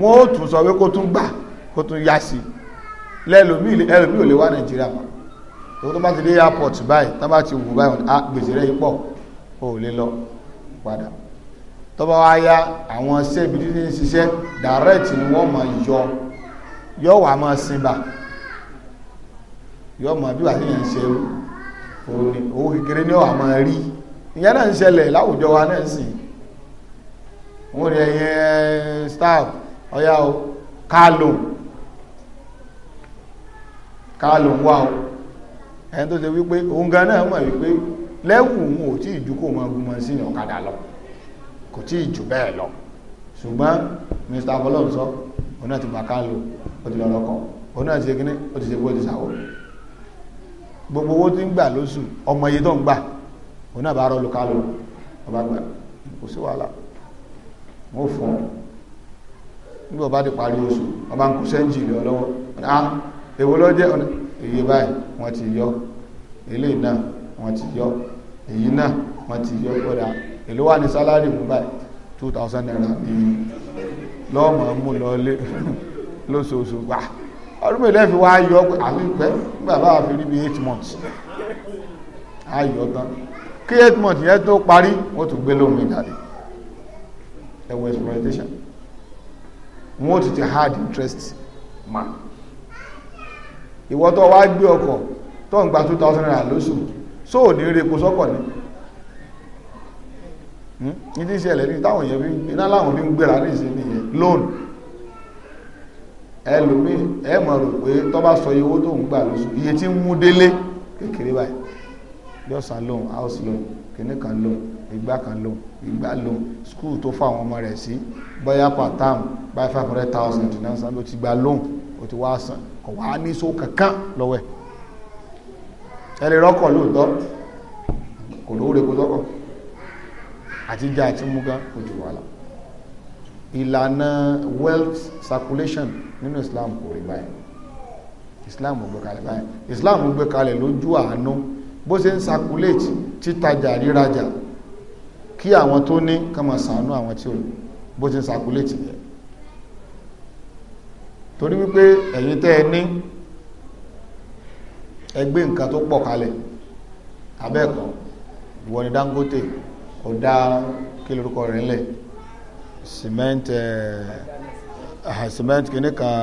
wọ́n ó tún sọ pé kó tún gbà kó tún yá sí lẹ́lòmíì ò lè wá nàìjíríà mọ́ owó tó bá ti dé airport báyìí tó bá ti wù báyìí a ah, gbèsè rẹ̀ pọ̀ ò lè lọ padà tó bá wá yá àwọn sẹ́bi tí ń ṣiṣẹ́ direct ni wọ́n máa yọ yọ wà máa sinba yọ máa bí wà ní ìyẹn owó kékeré ni wà máa rí ìyẹn náà ń ṣẹlẹ̀ láwùjọ wa náà sì wọ́n rí ẹyẹ staff ọ̀yá o káàlùn káàlùn wà o ẹni tó ṣe wípé òun gan náà mọ̀ wípé lẹ́wù òun ò tí ìjú kò mọ gúnmọ́ sí ọ̀kadà lọ kò tí ìjú bẹ́ẹ̀ lọ ṣùgbọ́n mr bọ́lọ́n sọ òun náà ti gbà káàlùn ó ti lọ́rọ̀ kọ̀ òun náà ti ṣe kíní ó ti ṣe bó ti ṣàwọ́ gbogbo owó tí ń gbà lóṣù ọmọ iye tó ń gbà o náà bá rọ́ lu káàlùn ọba gbà kò sí wàhálà wọ́n fún un nígbà bá ti parí oṣù ọba ń kó sẹ́ńjì lọ lọ́wọ́ a ah, èwo ló jẹ́ èyí báyìí wọ́n ti yọ eléyìí náà wọ́n ti yọ èyí náà wọ́n ti yọ kódà èló wà ní sálárì mú báyìí two thousand naira ní lọ́ọ̀mọ̀ mú lọ́ọ́lé lóṣooṣù wà ọdún mélòó fi wá yọ àfi pẹ́ bàbá àfi rí bí eight months a yọ tán kí eight months yẹn tó parí wọ́n tún gbé lómi jáde ẹ̀wọ̀ exploitation wọn ò ti ti hard interest ma ìwọ tó wá gbé ọkọ̀ tó ń gba two thousand naira lóṣù só ò ní repo sọ́kọ̀ ni hmm? ní ti ṣẹlẹ̀ ní táwọn èèyàn fi iná láwọn fi ń gbéra ní ìsinmi yẹn loan ẹlòmíì ẹ mọ̀ rò pé tó bá sọ iye owó tó ń gbà lóṣù iye tí ń mú délé kékeré báyìí lọ́sàn loan house loan kìnnìkan loan ìgbà kan loan ìgbà loan school tó fún àwọn ọmọ rẹ̀ sí bóyá per term by five hundred thousand náà san ló ti gba loan ó ti wá san kò wá ní so kankan lọ́wọ́ ẹ̀ ẹ lè rọ́kọ̀ lóòótọ́ kò lówó lè kó sọ́kọ̀ àti jẹ́ àti mú kò jù wàhálà ìlànà wealth circulation nínú Islam kò rí báyìí Islam gbé kalẹ̀ báyìí Islam gbé kalẹ̀ lójú àánú bó ṣe ń circulate títajà rírajà kí àwọn tó ní kàn máa ṣàánú àwọn tí ò ní bó ti ń sàkúlẹ̀tì yẹn torí wípé ẹ̀yin tẹ́ ẹ ní ẹgbẹ́ nǹkan tó pọ̀ kalẹ̀ abẹ́ẹ̀kọ́ ìwọ Dangote ó kí lórúkọ rẹ̀ ńlẹ̀ cement ẹ̀ cement kìíní kan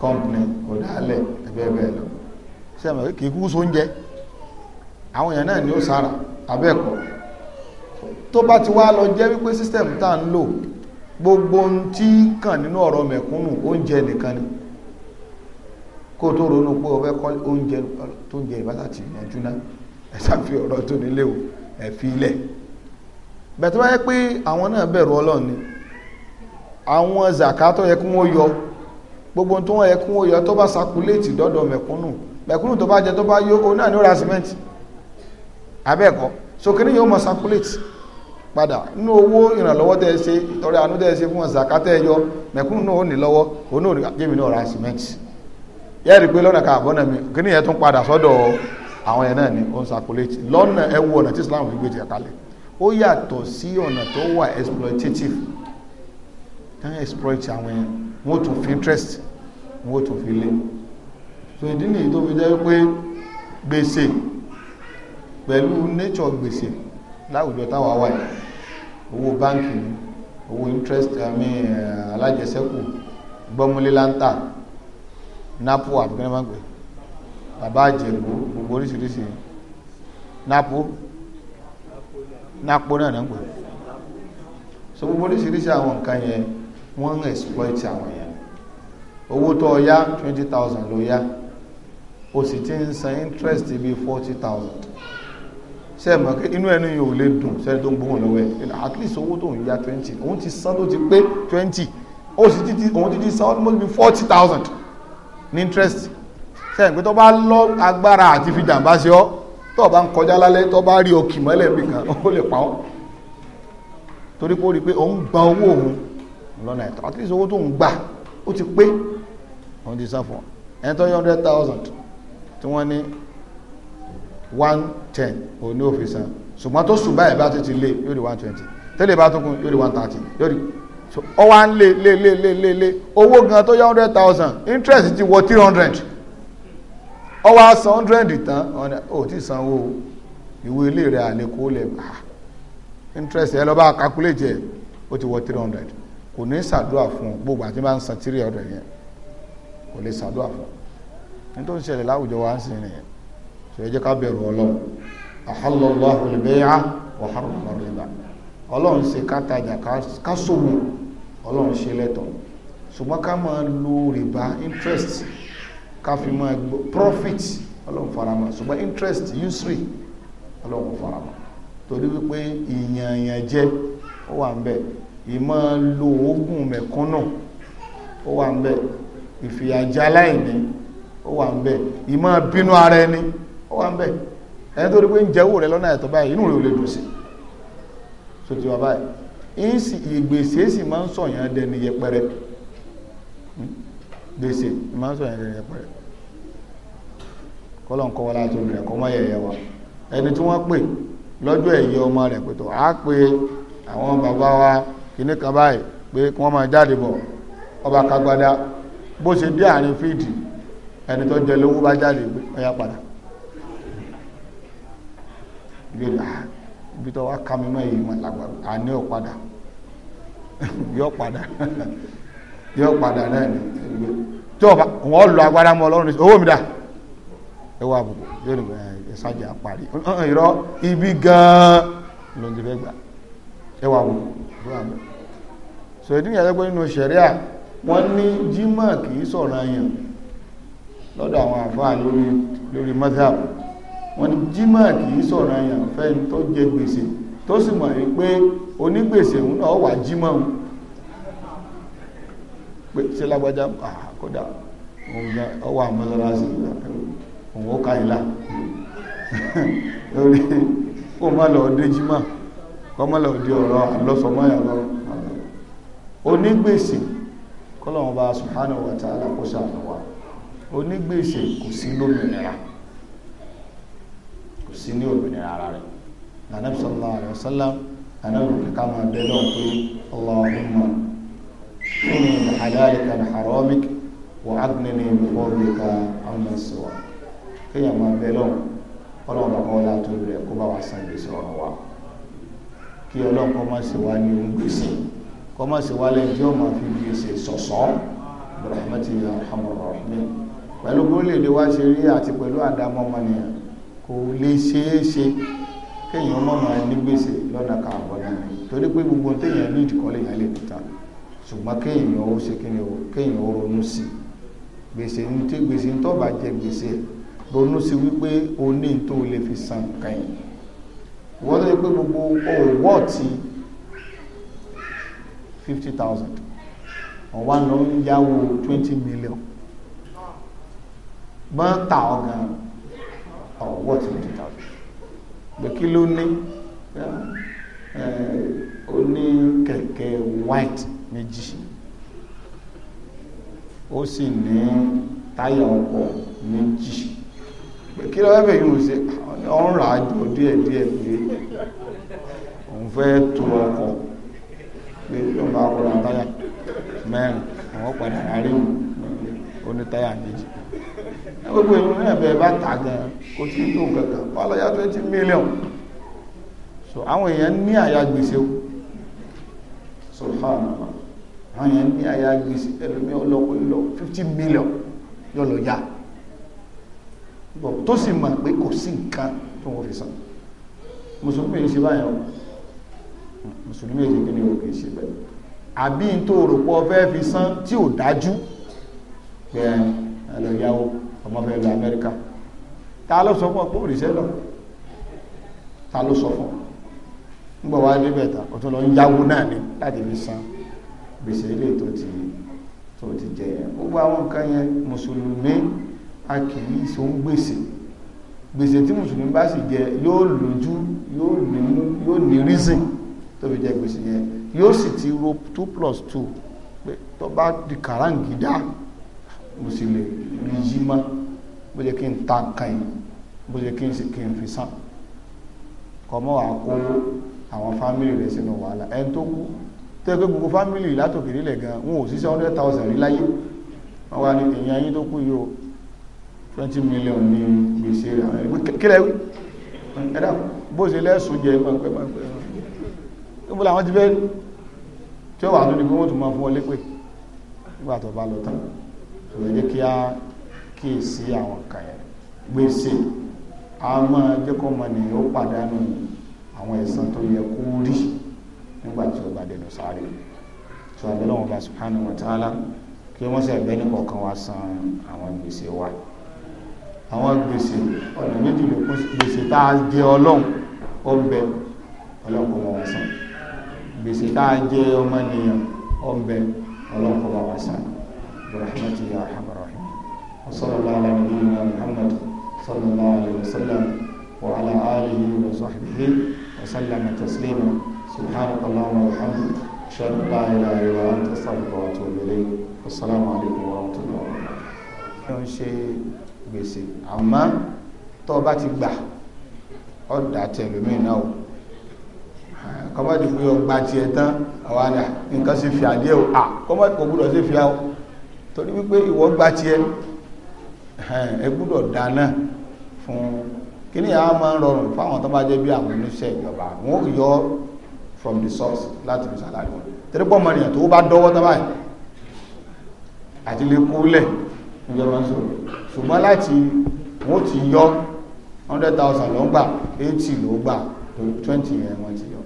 company ó dá lẹ̀ ẹgbẹ́ bẹ́ẹ̀ lọ sí àmọ́ kì í kú sóúnjẹ àwọn èèyàn náà ni ó sára abẹ́ẹ̀kọ́ tó bá ti wá lọ jẹ́ wípé system tá ń lò gbogbo ohun tí kàn nínú ọ̀rọ̀ mẹ̀kúnnù oúnjẹ nìkan ni kó tó ronú pé o fẹ́ kọ́ oúnjẹ tó ń jẹ ìbátà tì yanjú náà ẹ ṣàfi ọ̀rọ̀ tó nílé o ẹ fi ilẹ̀ bẹ̀tẹ̀ bá yẹ pé àwọn náà bẹ̀rù ọlọ́run ni àwọn zàká tó yẹ kí wọ́n yọ gbogbo tó wọ́n yẹ kí wọ́n yọ tó bá sakuléètì dọ́dọ̀ mẹ̀kúnnù mẹ̀kúnnù tó bá jẹ tó bá yó o náà ní ó ra sìmẹ́ǹtì abẹ́ẹ̀kọ́ so kí ni yóò mọ sakuléètì padà nínú owó ìrànlọ́wọ́ tẹ́ ẹ ṣe ìtọrẹ àánú tẹ́ ẹ ṣe fún ọ̀sàká tẹ́ ẹ yọ mẹ̀kúnnù náà ó ní lọ́wọ́ òun náà ah, jẹ́mi náà ra cement yẹ́ rí pé lọ́nà kan àbọ̀nà mi kí ni ẹ̀ tún padà sọ́dọ̀ àwọn ẹ̀ náà ni ó ń circulate lọ́nà ẹ wo ọ̀nà tí Islam fi gbé jẹ kalẹ̀ ó yàtọ̀ sí ọ̀nà tó wà exploitative tán exploit àwọn ẹ̀ wọ́n tún fi interest wọ́n tún fi lé so ìdí nìyí tó fi jẹ́ pé gbèsè pẹ̀lú nature gbèsè láwùjọ táwa wà yìí owó báńkì owó interest àmì eh, alájẹsẹ́kù gbọ́múlélántà napo àbíkẹ́nẹ́mọ́gbẹ́ bàbá àjẹ̀bú gbogbo oríṣiríṣi napo napo náà náà so gbogbo oríṣiríṣi àwọn nǹkan yẹn wọ́n ń exploit àwọn yẹn owó tó o yá twenty thousand ló yá o sì ti ń san interest bíi forty thousand sẹ́ẹ̀mà pé inú ẹni yóò lè dùn sẹ́ni tó ń gbóhùn lọ́wọ́ ẹ̀ at least owó tó ń ya twenty òun ti san tó ti pé twenty ó sì ti òun ti ti san almost be forty thousand ní interest sẹ́yìn pé tó bá lọ agbára àti fi jàǹbá sí ọ tó bá ń kọjá lálẹ́ tó bá rí òkì mọ́lẹ̀ bí kan ó lè pa ọ́ torí pé ó rí i pé òun gba owó òun lọ́nà ẹ̀tọ́ at least owó tó ń gbà ó ti pé òun ti sá fún ọ tó yọ hundred thousand tí wọ́n ní one ten òun ní òfin san ṣùgbọ́n tó sùn báyìí bá ti ti lé yóò di one twenty tẹ́lẹ̀ bá tó kún yóò di one thirty yóò di ọ wá ń lé lé lé lé lé lé owó gan tó yá hundred thousand interest ti wọ three hundred ọ wá san hundred tán ò tí sanwó ìwé ilé rẹ̀ àlékún lẹ̀ ah, interest ẹ lọ bá calculate ẹ ó ti wọ three hundred kò ní ṣàdúrà fún ọ gbogbo àti máa ń san three hundred yẹn kò lè ṣàdúrà fún ọ nítorí ṣẹlẹ̀ láwùjọ wa ń sìn nìyẹn ṣe jẹ́ ká bẹ̀rù ọlọ́run ahallallahu al ọlọ́run ṣe ká ọlọ́run ṣe lẹ́tọ̀ ṣùgbọ́n ká máa lo rìbá interest ká fi máa gbọ́ profit ọlọ́run farama ṣùgbọ́n interest usury ọlọ́run farama torí wípé ìyànyàn jẹ́ ó wà ń bẹ̀ ìmọ̀ lo oògùn ó wà ń bẹ̀ aláìní ó wà ń bẹ̀ ìmọ̀ bínú ara ẹni ó wà ń bẹ̀ ẹni tó rí pé ń jẹ rẹ lọ́nà ẹ̀tọ́ báyìí inú rẹ ò dùn sí so ti wà báyìí ìsì ìgbèsè sì máa ń sọ̀yàn dẹni yẹpẹrẹ gbèsè máa ń sọ̀yàn dẹni yẹpẹrẹ kọ́lọ̀ ń kọ́ láti wa ẹni tí wọ́n pè lọ́jọ́ ẹ̀yẹ ọmọ rẹ̀ pẹ̀tọ̀ á pe àwọn wa kìíní kan báyìí pé jáde bọ̀ ọba kagbada bó ṣe dé àárín ẹni tó jẹ lówó bá ibi ìlà ibi tó wá ká mi mọ́ èyí mọ́ lágbàdo àní ò padà yọ padà yọ padà náà ni tí ọba wọn lọ agbára mọ Ọlọ́run owó mi dà ẹ wá àbùkù yóò ní ẹ sájà parí irọ́ ibi gan-an ló ń ti fẹ́ gbà ẹ wá àbùkù ẹ wá àbùkù sọ ìdí ìyàtọ̀ pé nínú ṣẹ̀ríà wọ́n ní jímọ̀ kì í sọ̀rọ̀ àyàn lọ́dọ̀ àwọn àfáà lórí lórí mọ́tàbù wọ́n ní jímà kì í sọ̀rọ̀ àyàn fẹ́ni tó jẹ gbèsè tó sì mọ̀ rí pé onígbèsè òun náà wà jímà òun pé ṣe lágbájá kódà ọwọ́ àmọ́sáráṣì òun ó ká ìlà lórí kó má lọ dé jímà kó má lọ dé ọ̀rọ̀ àlọ́sọmọ́yà lọ onígbèsè kọ́lọ̀wọ́n bá subhanahu wa ta'ala kó ṣàlọ́wà onígbèsè kò sí lómìnira kò sí ní òmìnira ara rẹ̀ anabi sallallahu alayhi wa sallam anabi kíkà máa bẹ lọ́wọ́ pé allahumma inni bi halalika bi haramika wa aghnini bi fadlika amma siwa kéèyàn máa bẹ lọ́wọ́ ọlọ́run bàbá ọlá tó rẹ̀ kó bá wa san gbèsè ọ̀rọ̀ wa kí ọlọ́run kọ́ máa ṣe wá ní ohun gbèsè kọ́ máa ṣe wá lẹ́yìn tí ó máa fi gbèsè sọ̀sọ́ rahmatulahi alhamdulilayi pẹ̀lú gbólóde wa ṣe rí àti pẹ̀lú àdámọ́ ọmọnìyàn kò lè ṣeé ṣe kéèyàn mọ̀ máa ní gbèsè lọ́nà káàbọ̀ náà torí pé gbogbo téèyàn ní ìdíkọ́ lèèyàn lè níta ṣùgbọ́n kéèyàn ó ṣe kéèyàn ó kéèyàn ó ronú sí gbèsè ní tí gbèsè ń tọ́ba jẹ gbèsè ronú sí wípé o ní tó lè fi san kẹyìn wọ́n tó yẹ pé gbogbo owó ti fifty thousand ọ̀wá lọ ń yáwó twenty million bọ́n ta ọ̀gàn are worth twenty thousand pé kí ló ní ó ní white meji. ó sì ní táyà ọkọ̀ méjì pé kí lọ́wọ́ bẹ̀ yóò ṣe ọ̀n rà á jọ díẹ̀díẹ̀ pé òun fẹ́ tó ọkọ̀ pé yóò bá ọkọ̀ ra táyà mẹ́rin àwọn padà rárí òun ó táyà méjì gbogbo ìlú náà bẹ̀rẹ̀ bá tà gan kò tí tó kankan wọ́n lọ́yà twenty million so àwọn èèyàn ní àyà gbèsè o subhanallah àwọn èèyàn ní àyà gbèsè ẹlòmí ọlọ́pọ̀ ìlọ fifty million yóò lọ yá tó sì mọ̀ pé kò sí nǹkan tó wọ́n fi san mùsùlùmí èyí ṣe báyìí o mùsùlùmí èyí kí ni o kì í ṣe bẹ́ẹ̀ àbí n tó rò pọ̀ fẹ́ fi san tí ò dájú pé ẹ lọ yáwó ọmọ fẹ́ lọ amẹ́ríkà ta ló sọ fún ọ pé òrìṣẹ́ lọ ta ló sọ fún ń gbọ́ wá níbẹ̀ ta ó tún lọ ń yáwó náà ni láti fi san gbèsè ilé tó ti tó ti jẹ yẹn gbogbo àwọn nǹkan yẹn mùsùlùmí a kì í so ń gbèsè gbèsè tí mùsùlùmí bá sì jẹ yóò lójú yóò ní reason tó fi jẹ gbèsè yẹn yóò sì ti ro two plus two pé tó bá di kàráǹgídá mo sì lè rí yí mọ́ bó jẹ́ kí n ta nǹkan yìí bó jẹ́ kí n sì kí n fi sàn kọ́mọ́ wàá kó àwọn fámìlì rẹ̀ sínú wàhálà ẹni tó kú tẹ́ pé gbogbo fámìlì látòkè nílẹ̀ gan wọn ò síṣẹ́ hundred thousand rí láyé wọ́n wá ní èyàn ayé tó kú yìí o twenty million ní gbèsè rẹ̀ kílẹ̀ wí ẹ̀dá bó ṣe lẹ́sùn jẹ pẹ́pẹ́ pẹ́pẹ́ níbo làwọn ti fẹ́ tí ó wà tó ní pé wọ́n máa fún ọ lépè nígbà tó bá lọ tán sòwédé kí á kíyèsí àwọn kan yẹn gbèsè a máa jẹ́ kó mọ nìyẹn ó pàdánù àwọn ẹ̀san tó yẹ kó rí nígbà tí ó bá dẹnu sáré tí wàá bẹ́lẹ̀ wọn bá subhanahu wa ta'ala kí wọ́n sì ẹ̀bẹ́ nípa ọkàn wa san àwọn gbèsè wa àwọn gbèsè ọ̀nà méjì ló kún gbèsè tá a jẹ ọlọ́run ó ń bẹ ọlọ́run kò wọ́n san gbèsè tá a jẹ ọmọnìyàn ó ń bẹ ọlọ́run kò wọ́n san برحمتك يا ارحم الراحمين وصلى الله على نبينا محمد صلى الله عليه وسلم وعلى اله وصحبه وسلم تسليما سبحانك اللهم وبحمدك اشهد ان لا اله الا انت استغفرك واتوب اليك والسلام عليكم ورحمه الله وبركاته. ṣe بيسي àmọ́ tó o bá ti gbà ọ́ dà tẹ̀lómi náà o kọ́mọ́dé pé ọgbà tiẹ̀ tán àwa ni nǹkan ṣe fi àdé o kọ́mọ́dé kò gbúdọ̀ ṣe fi àwọn torí wípé ìwọ gba tiẹ̀ ẹ gbúdọ̀ dáná fún kíní àwọn máa ń rọrùn fáwọn tó bá jẹ́ bí àwọn oníṣẹ́ ìjọba wọn yọ from the source láti fi sàlárì wọn torí pọ́ mọ̀nìyàn tó bá dọ́wọ́ tó báyìí àti lè kúlẹ̀ ìjọba ń sọ̀rọ̀ ṣùgbọ́n láti wọn ti yọ hundred thousand ló ń gbà eighty ló gbà twenty yẹn wọ́n ti yọ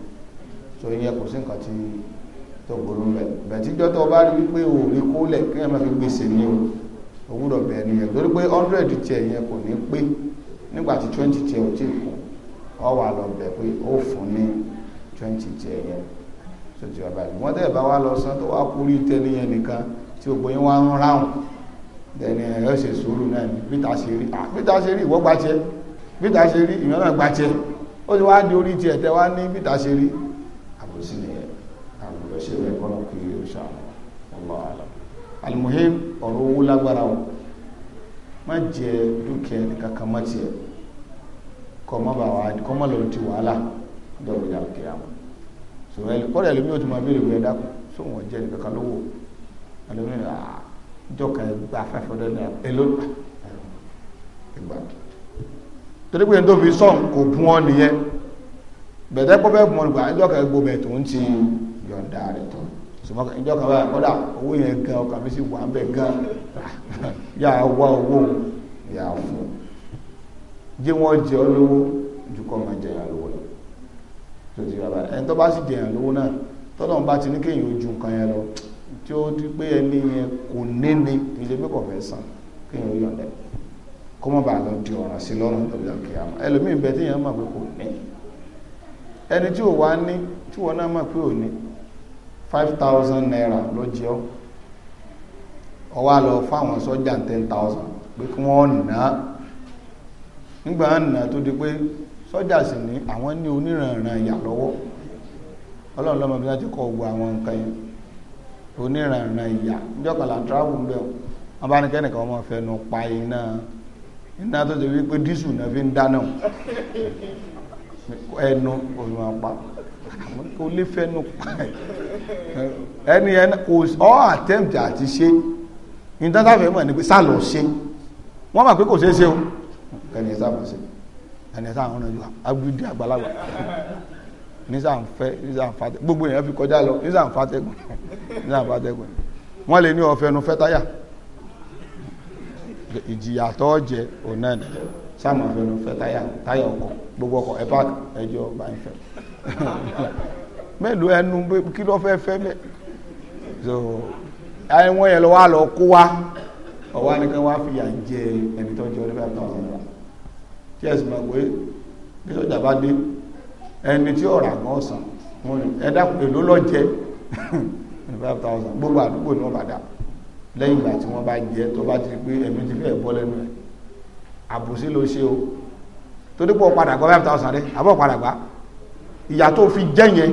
so ìyẹn kò sí nǹkan tí tó burú mbẹ bẹtíjọ tó bá rí wípé o rí lẹ kí ẹ má fi gbèsè ní o o gbúdọ̀ bẹ̀ torí pé hundred tiẹ̀ yẹn kò ní pé nígbà tí twenty ò tí ọ wà lọ bẹ̀ pé ó fún ní twenty tiẹ̀ yẹn tó ti wà báyìí bá wà lọ tó wà kúrú yẹn nìkan tí ń ráhùn ẹ ṣe sùúrù náà ni peter ṣe rí peter ṣe rí ìwọ peter ṣe rí ó ti wá di orí wá ní peter ṣe rí ṣe rẹ̀ kọ́nà kí o ṣàmù Allah alam alimuhim ọ̀rọ̀ owó lágbára o má jẹ dúkìá nìkan kan má tiẹ̀ kọ́ má bà wá kọ́ má lọ ti wàhálà dọ̀rọ̀ yà kí a mọ̀ sọ̀rọ̀ ẹ̀ kọ́dà ẹ̀lómi ò tún máa béèrè wíyà dákú sóhun ọ̀jẹ̀ nìkan kan lówó ẹ̀lómi àà jọka ẹgbà afẹ́fẹ́ ọdẹ náà èlò ìgbà torí pé n tó fi sọ̀n kò bùn ọ nìyẹn bẹ̀tẹ́ pọ́fẹ́ bùn ọ nígbà jọka ẹgbò bẹ̀ tó ń ti yọ̀ǹda rẹ̀ tán sùmọ́kà ìjọ kan báyìí kọ́dà owó yẹn gan ọkàn mi sì wà ń bẹ̀ gan yà á wá owó yà á fún un jẹ́ wọ́n jẹ́ ọ lówó ju kọ́ máa jẹ́ yàn lówó lọ tó ti rà báyìí ẹni tó bá sì jẹ́ yàn lówó náà tọ́lọ́run bá ti ní kéèyàn ojú nǹkan yẹn lọ tí ó ti pé ẹni yẹn kò níní ilé pé fẹ́ san kéèyàn ó yọ̀ǹda kó má bàa lọ di ọ̀ràn sí lọ́rùn lọ́bí ọ̀kẹ́ àmọ́ ẹlòmíì bẹ téèyàn mọ̀ pé kò ní ẹni tí ò wá ní tí wọn náà mọ̀ pé ò ní 5,000 naira ló jẹ́ ọ́ ọ wá lọ fáwọn sọ́jà ten thousand pé kí wọ́n nà á nígbà nà tó di pé sọ́jà sì ní àwọn ní oníranran ìyà lọ́wọ́ ọlọ́run lọ́mọ bí wọ́n ti kọ́ gbogbo àwọn nǹkan yẹn oníranran ìyà níjọ́kànlá travel bẹ́ẹ̀ wọ́n bá ní kẹ́nìkan ọmọ fẹnu pa iná iná tó ti wí pé dísù náà fi ń dáná ẹnu òun àpá kò lè fẹnu ẹni ẹni kò ọ attempt àti ṣe ní dáńtàfẹ́ mọ̀ ní pé sá lọ ṣe wọ́n mọ̀ pé kò ṣeé ṣe o ẹni ẹ̀ sábà ṣe ẹni ẹ̀ sábà ń rànjú agbègbè àgbàlagbà ní sàǹfẹ́ ní sàǹfàtẹ́ gbogbo èèyàn fi kọjá lọ ní sàǹfàtẹ́gùn ní sàǹfàtẹ́gùn wọ́n lè ní ọ̀fẹ́nu fẹ́táyà ìjìyà tó jẹ ọ̀nà sáàmù ọ̀fẹ́nu fẹ́táyà táyà ọkọ̀ gbogbo ọkọ̀ ẹ̀pá ẹjọ́ bá ń fẹ́ mélòó ẹnu kí ló fẹ́ fẹ́ mẹ́ so ẹ̀wọ̀n yẹn lọ wá lọ kó wa ọwọ́ anìkan wá fìyà jẹ ẹni tó jẹ onífẹ́ tó ọ̀sán wa tí ẹ̀sìn máa pé bí sọ́jà bá dé ẹni tí ọ̀rà gan ọ̀sán wọn ni ẹ̀dá èló lọ jẹ five thousand gbogbo àdúgbò ni wọ́n bá dà lẹ́yìn ìgbà tí wọ́n bá jẹ tó bá ti pé ẹ̀mí ti fẹ́ bọ́ lẹ́nu ẹ̀ àbòsí ló ṣe o torí pé ọ̀padà gbọ́ five thousand rẹ̀ àbọ̀ ọ̀padà gbà ìyà tó fi jẹ́yẹn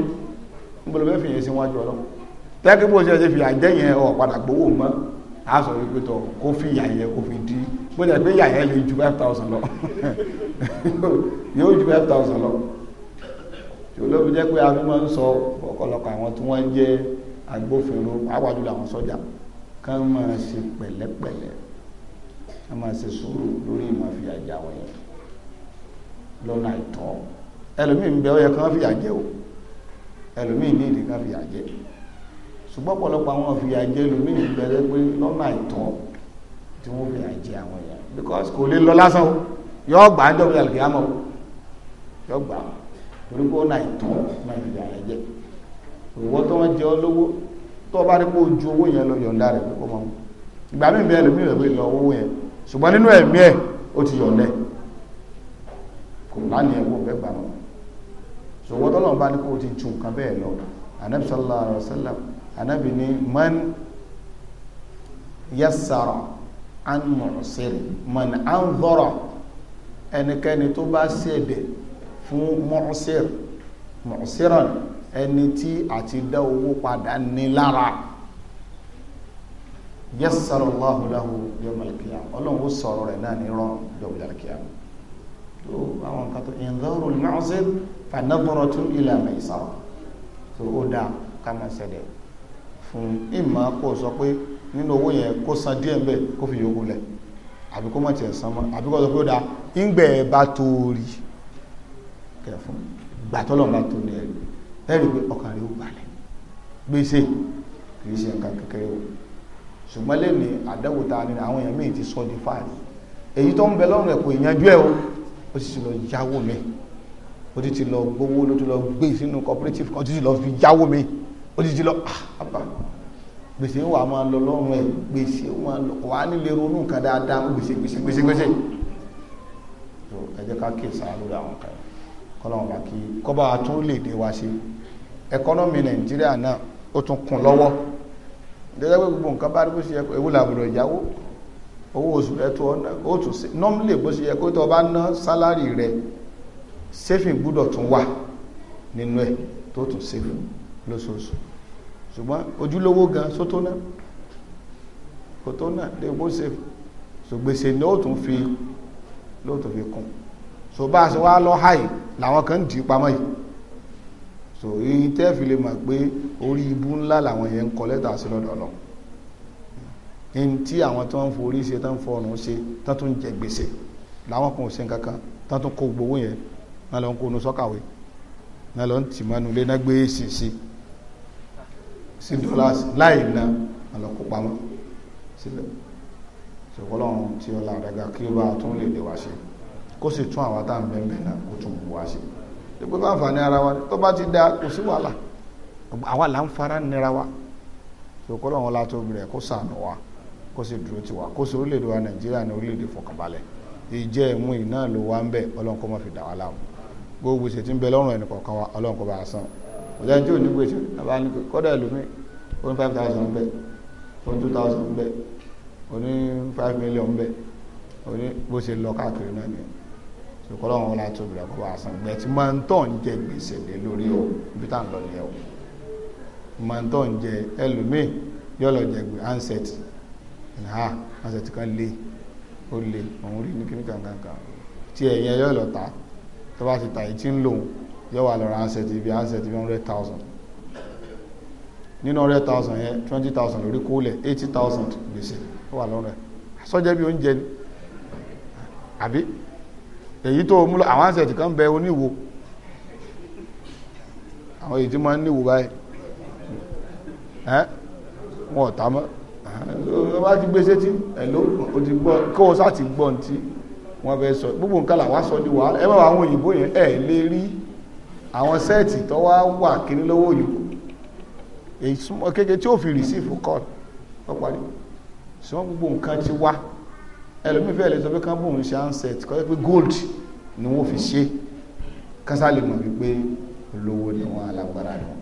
níbolọ́fẹ́ fìyẹn sí wájú ọlọ́run tẹ́kí bó ṣe ṣe fìyà jẹ́yẹn ọ̀ padà gbowó mọ́ a sọ wípé tọ kó fi ìyà yẹn kó fi dí bó dẹ̀ pé ìyà yẹn lè ju five thousand lọ yóò ju five thousand lọ olóbi jẹ́ pé abí máa ń sọ ọ̀pọ̀lọpọ̀ àwọn tí wọ́n jẹ́ agbófinró pàápàá jùlọ àwọn sọ́jà kán máa ṣe pẹ̀lẹ́pẹ̀lẹ́ kán máa ṣe sùúrù lórí ìmọ̀ fìyà jà wọ̀nyẹn lọ́nà àìtọ́ ẹlòmíì ń bẹ ó yẹ kán fìyà jẹ o ẹlòmíì ní ìdí kán fìyà jẹ ṣùgbọ́n ọ̀pọ̀lọpọ̀ àwọn fìyà jẹ ẹlòmíì ń bẹ pé lọ́nà àìtọ́ tí wọ́n fìyà jẹ àwọn èèyàn because kò lè lọ lásán o yọ gbà á dọ̀bí àlùkí àmọ́ yọ gbà á torí pé ọ̀nà àìtọ́ náà fìyà rẹ jẹ òwò tó wọ́n jẹ ọ lówó tó o bá rí pé o ju owó yẹn lọ yọ̀ǹda rẹ̀ pé kó mọ́ ìgbà míì kò bá ní ẹ̀wọ̀ bẹ́ẹ̀ gbà mọ́ ṣùgbọ́n tọ́lọ́run bá ní kó o ti ju nǹkan bẹ́ẹ̀ lọ anabi sallallahu alayhi wa sallam anabi ni man yassara an mu'sir man anzara ẹnikẹ́ni tó bá ṣèdè fún mu'sir mu'siran ẹni tí àti dá owó padà ní lára yassara allahu lahu yawmal qiyamah sọ̀rọ̀ rẹ̀ náà ní rán yawmal tó àwọn kan tó ìnzọ́rọ̀ mu'sir fanadratun ila maisara tó ó dáa ká máa ṣẹlẹ̀ fún ìmọ̀ kó sọ pé nínú owó yẹn kó san díẹ̀ bẹ́ẹ̀ kó fi yòókù lẹ̀ àbí kó san mọ́ àbí kó sọ pé ó dáa ńgbẹ̀ bá tó rí fún gbàtọ́lọ̀ bá tó rí pé ọkàn ó gbèsè kìí o ṣùgbọ́n lẹ́ni ni àwọn èèyàn míì ti sọ di fáàrí èyí tó ń bẹ lọ́rùn ẹ̀ kò ìyanjú ẹ̀ o ó ti ti lọ gbowó ló ti lọ gbé sínú cooperative kan ó ti ti lọ fi yáwó mi ó ti ti lọ àbá ah, gbèsè wà máa lọ lọ́rùn ẹ̀ gbèsè máa lọ wà á nílé ronú nǹkan dáadáa gbèsè gbèsè gbèsè gbèsè ẹ jẹ́ ká kí ìsàrà lórí àwọn kan kọ́lọ́wọ́n bá kí kọ́ba àtún lè dé wa ṣe ẹkọ́nọ́mì nàìjíríà náà ó tún kún lọ́wọ́ ìdẹ́gbẹ́ gbogbo nǹkan bá rí bó ṣe yẹ ewu làbùrọ̀ ìyàwó owó oṣù rẹ tó ọ̀nà ó tún sí nọ́mìlì bó ṣe yẹ kó tó o bá ná sálárì rẹ saving gbúdọ̀ tún wà nínú ẹ̀ tó tún save lóṣooṣù ṣùgbọ́n ojúlówó gan sótó náà kò tó náà lè bó save so gbèsè ni ó tún fi ló tún fi kún so bá a ṣe wá lọ háì làwọn kan dì í pamọ́ yìí so èyí tẹ́ fi lè mọ̀ pé orí ibú ńlá làwọn yẹn ń kọ lẹ́tà sí lọ́dọ̀ lọ ní tí àwọn tó ń forí ṣe tó ń fọrùn ṣe tó tún jẹ gbèsè làwọn kan ò ṣe nǹkan tó tún kó gbowó yẹn náà lọ ń kó nu sọ́kàwé náà lọ ń tì mọ́nu ilé náà gbé èsì sí sí dollars láì na náà lọ kó pamọ́ sílẹ̀ ṣùgbọ́n tí ó la àdàgà kí ó bá tún lè lè wá ṣe kó sì tún àwọn tá à ń bẹ́ẹ̀ náà kó tún wá ṣe dípò bá àǹfààní ara wa tó bá ti dáa kò sí wàhálà àwa là ń fara nira wa ṣùgbọ́n wọn látó bẹ̀rẹ̀ kó sànù wa kó sì dúró tiwa kó sì orílẹ̀-èdè wa Nàìjíríà ní orílẹ̀-èdè fọkànbalẹ̀ ìjẹ́ ìmú ìná ló wá ń bẹ̀ ọlọ́nkọ́ mọ́ fi dà wá láàmú gbogbo ìṣètì ń bẹ lọ́rùn ẹnì kọ̀ọ̀kan wa ọlọ́run kò bá a san kò sẹ́ni tí ò ní gbèsè àbá ní kọ́dà ìlúmi ó ní five thousand bẹ́ẹ̀ ó ní two thousand bẹ́ẹ̀ ó ní five million bẹ́ẹ̀ ó ní bó ṣe lọ káàkiri náà nìyẹn ṣùkọ́ lọ́run wọn láti obìnrin kò bá a san gbẹ̀tì máa ń tọ̀ ń jẹ gbèsè lé lórí o ibi tá à ń lọ nìyẹn o máa ń tọ̀ jẹ ẹlòmí yóò lọ jẹ gbé handset ha handset kan lé ó lé òun rí ní kíní kankan kan tí ẹ̀yìn ẹ yóò tó bá ti tà yìí tí ń lòun yóò wà lọ́rọ̀ ansẹ̀ ti ibi ansẹ̀ ti bí hundred thousand nínú hundred thousand yẹn twenty thousand lórí kólẹ̀ eighty thousand gbèsè ó wà lọ́rọ̀ ẹ̀ sọ́jẹ́ bí oúnjẹ ni àbí èyí tó mú àwọn ansẹ̀ ti kàn bẹ oníwo àwọn èyí tí máa ń níwo báyìí wọn ò tà mọ́ ọ bá ti gbèsè tí ẹ̀ ló o ti gbọ́ kó o sá ti gbọ́ ní wọ́n fẹ́ sọ gbogbo nǹkan làwọn sọ di wàhálà ẹ bá wà àwọn òyìnbó yẹn ẹ lè rí àwọn sẹ́ẹ̀tì tó wá wà kíní lọ́wọ́ òyìnbó èyí súnmọ́ kéke tí ó fi rìsífù kọ́ọ̀lù wọ́n parí ṣùgbọ́n gbogbo nǹkan ti wá ẹlòmíì fẹ́ẹ̀ lè sọ pé kán bóun ṣe handset kọ́ pé gold ni wọ́n fi ṣe kásá lè mọ̀ wípé olówó ni wọ́n alágbára ni wọ́n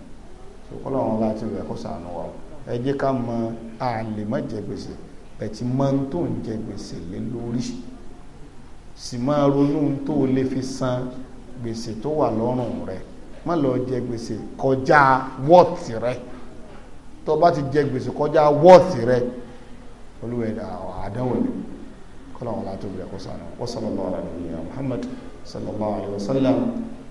ṣòkòlò àwọn ọba àti ìrẹ̀kọ́ sànù wa ẹ jẹ́ ká mọ àlè má jẹ gbèsè ẹ̀ ti mọ tó ń jẹ gbèsè lé lórí sì máa ronú tó o lè fi san gbèsè tó wà lọ́rùn rẹ má lọ jẹ gbèsè kọjá wọ́ọ̀tì rẹ tó bá ti jẹ gbèsè kọjá wọ́ọ̀tì rẹ olúwẹ̀ àdánwò ni kọ́lá wọn látọ̀ bẹ̀rẹ̀ kó sànù wa sallallahu ala nabiyina muhammad sallallahu alayhi wa sallam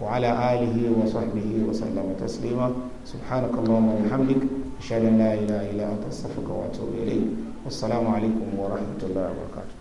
wa ala alihi wa sahbihi wa sallama taslima subhanaka wa bihamdik ashhadu an la ilaha illa anta astaghfiruka wa atubu ilayk wassalamu alaykum wa rahmatullahi wa barakatuh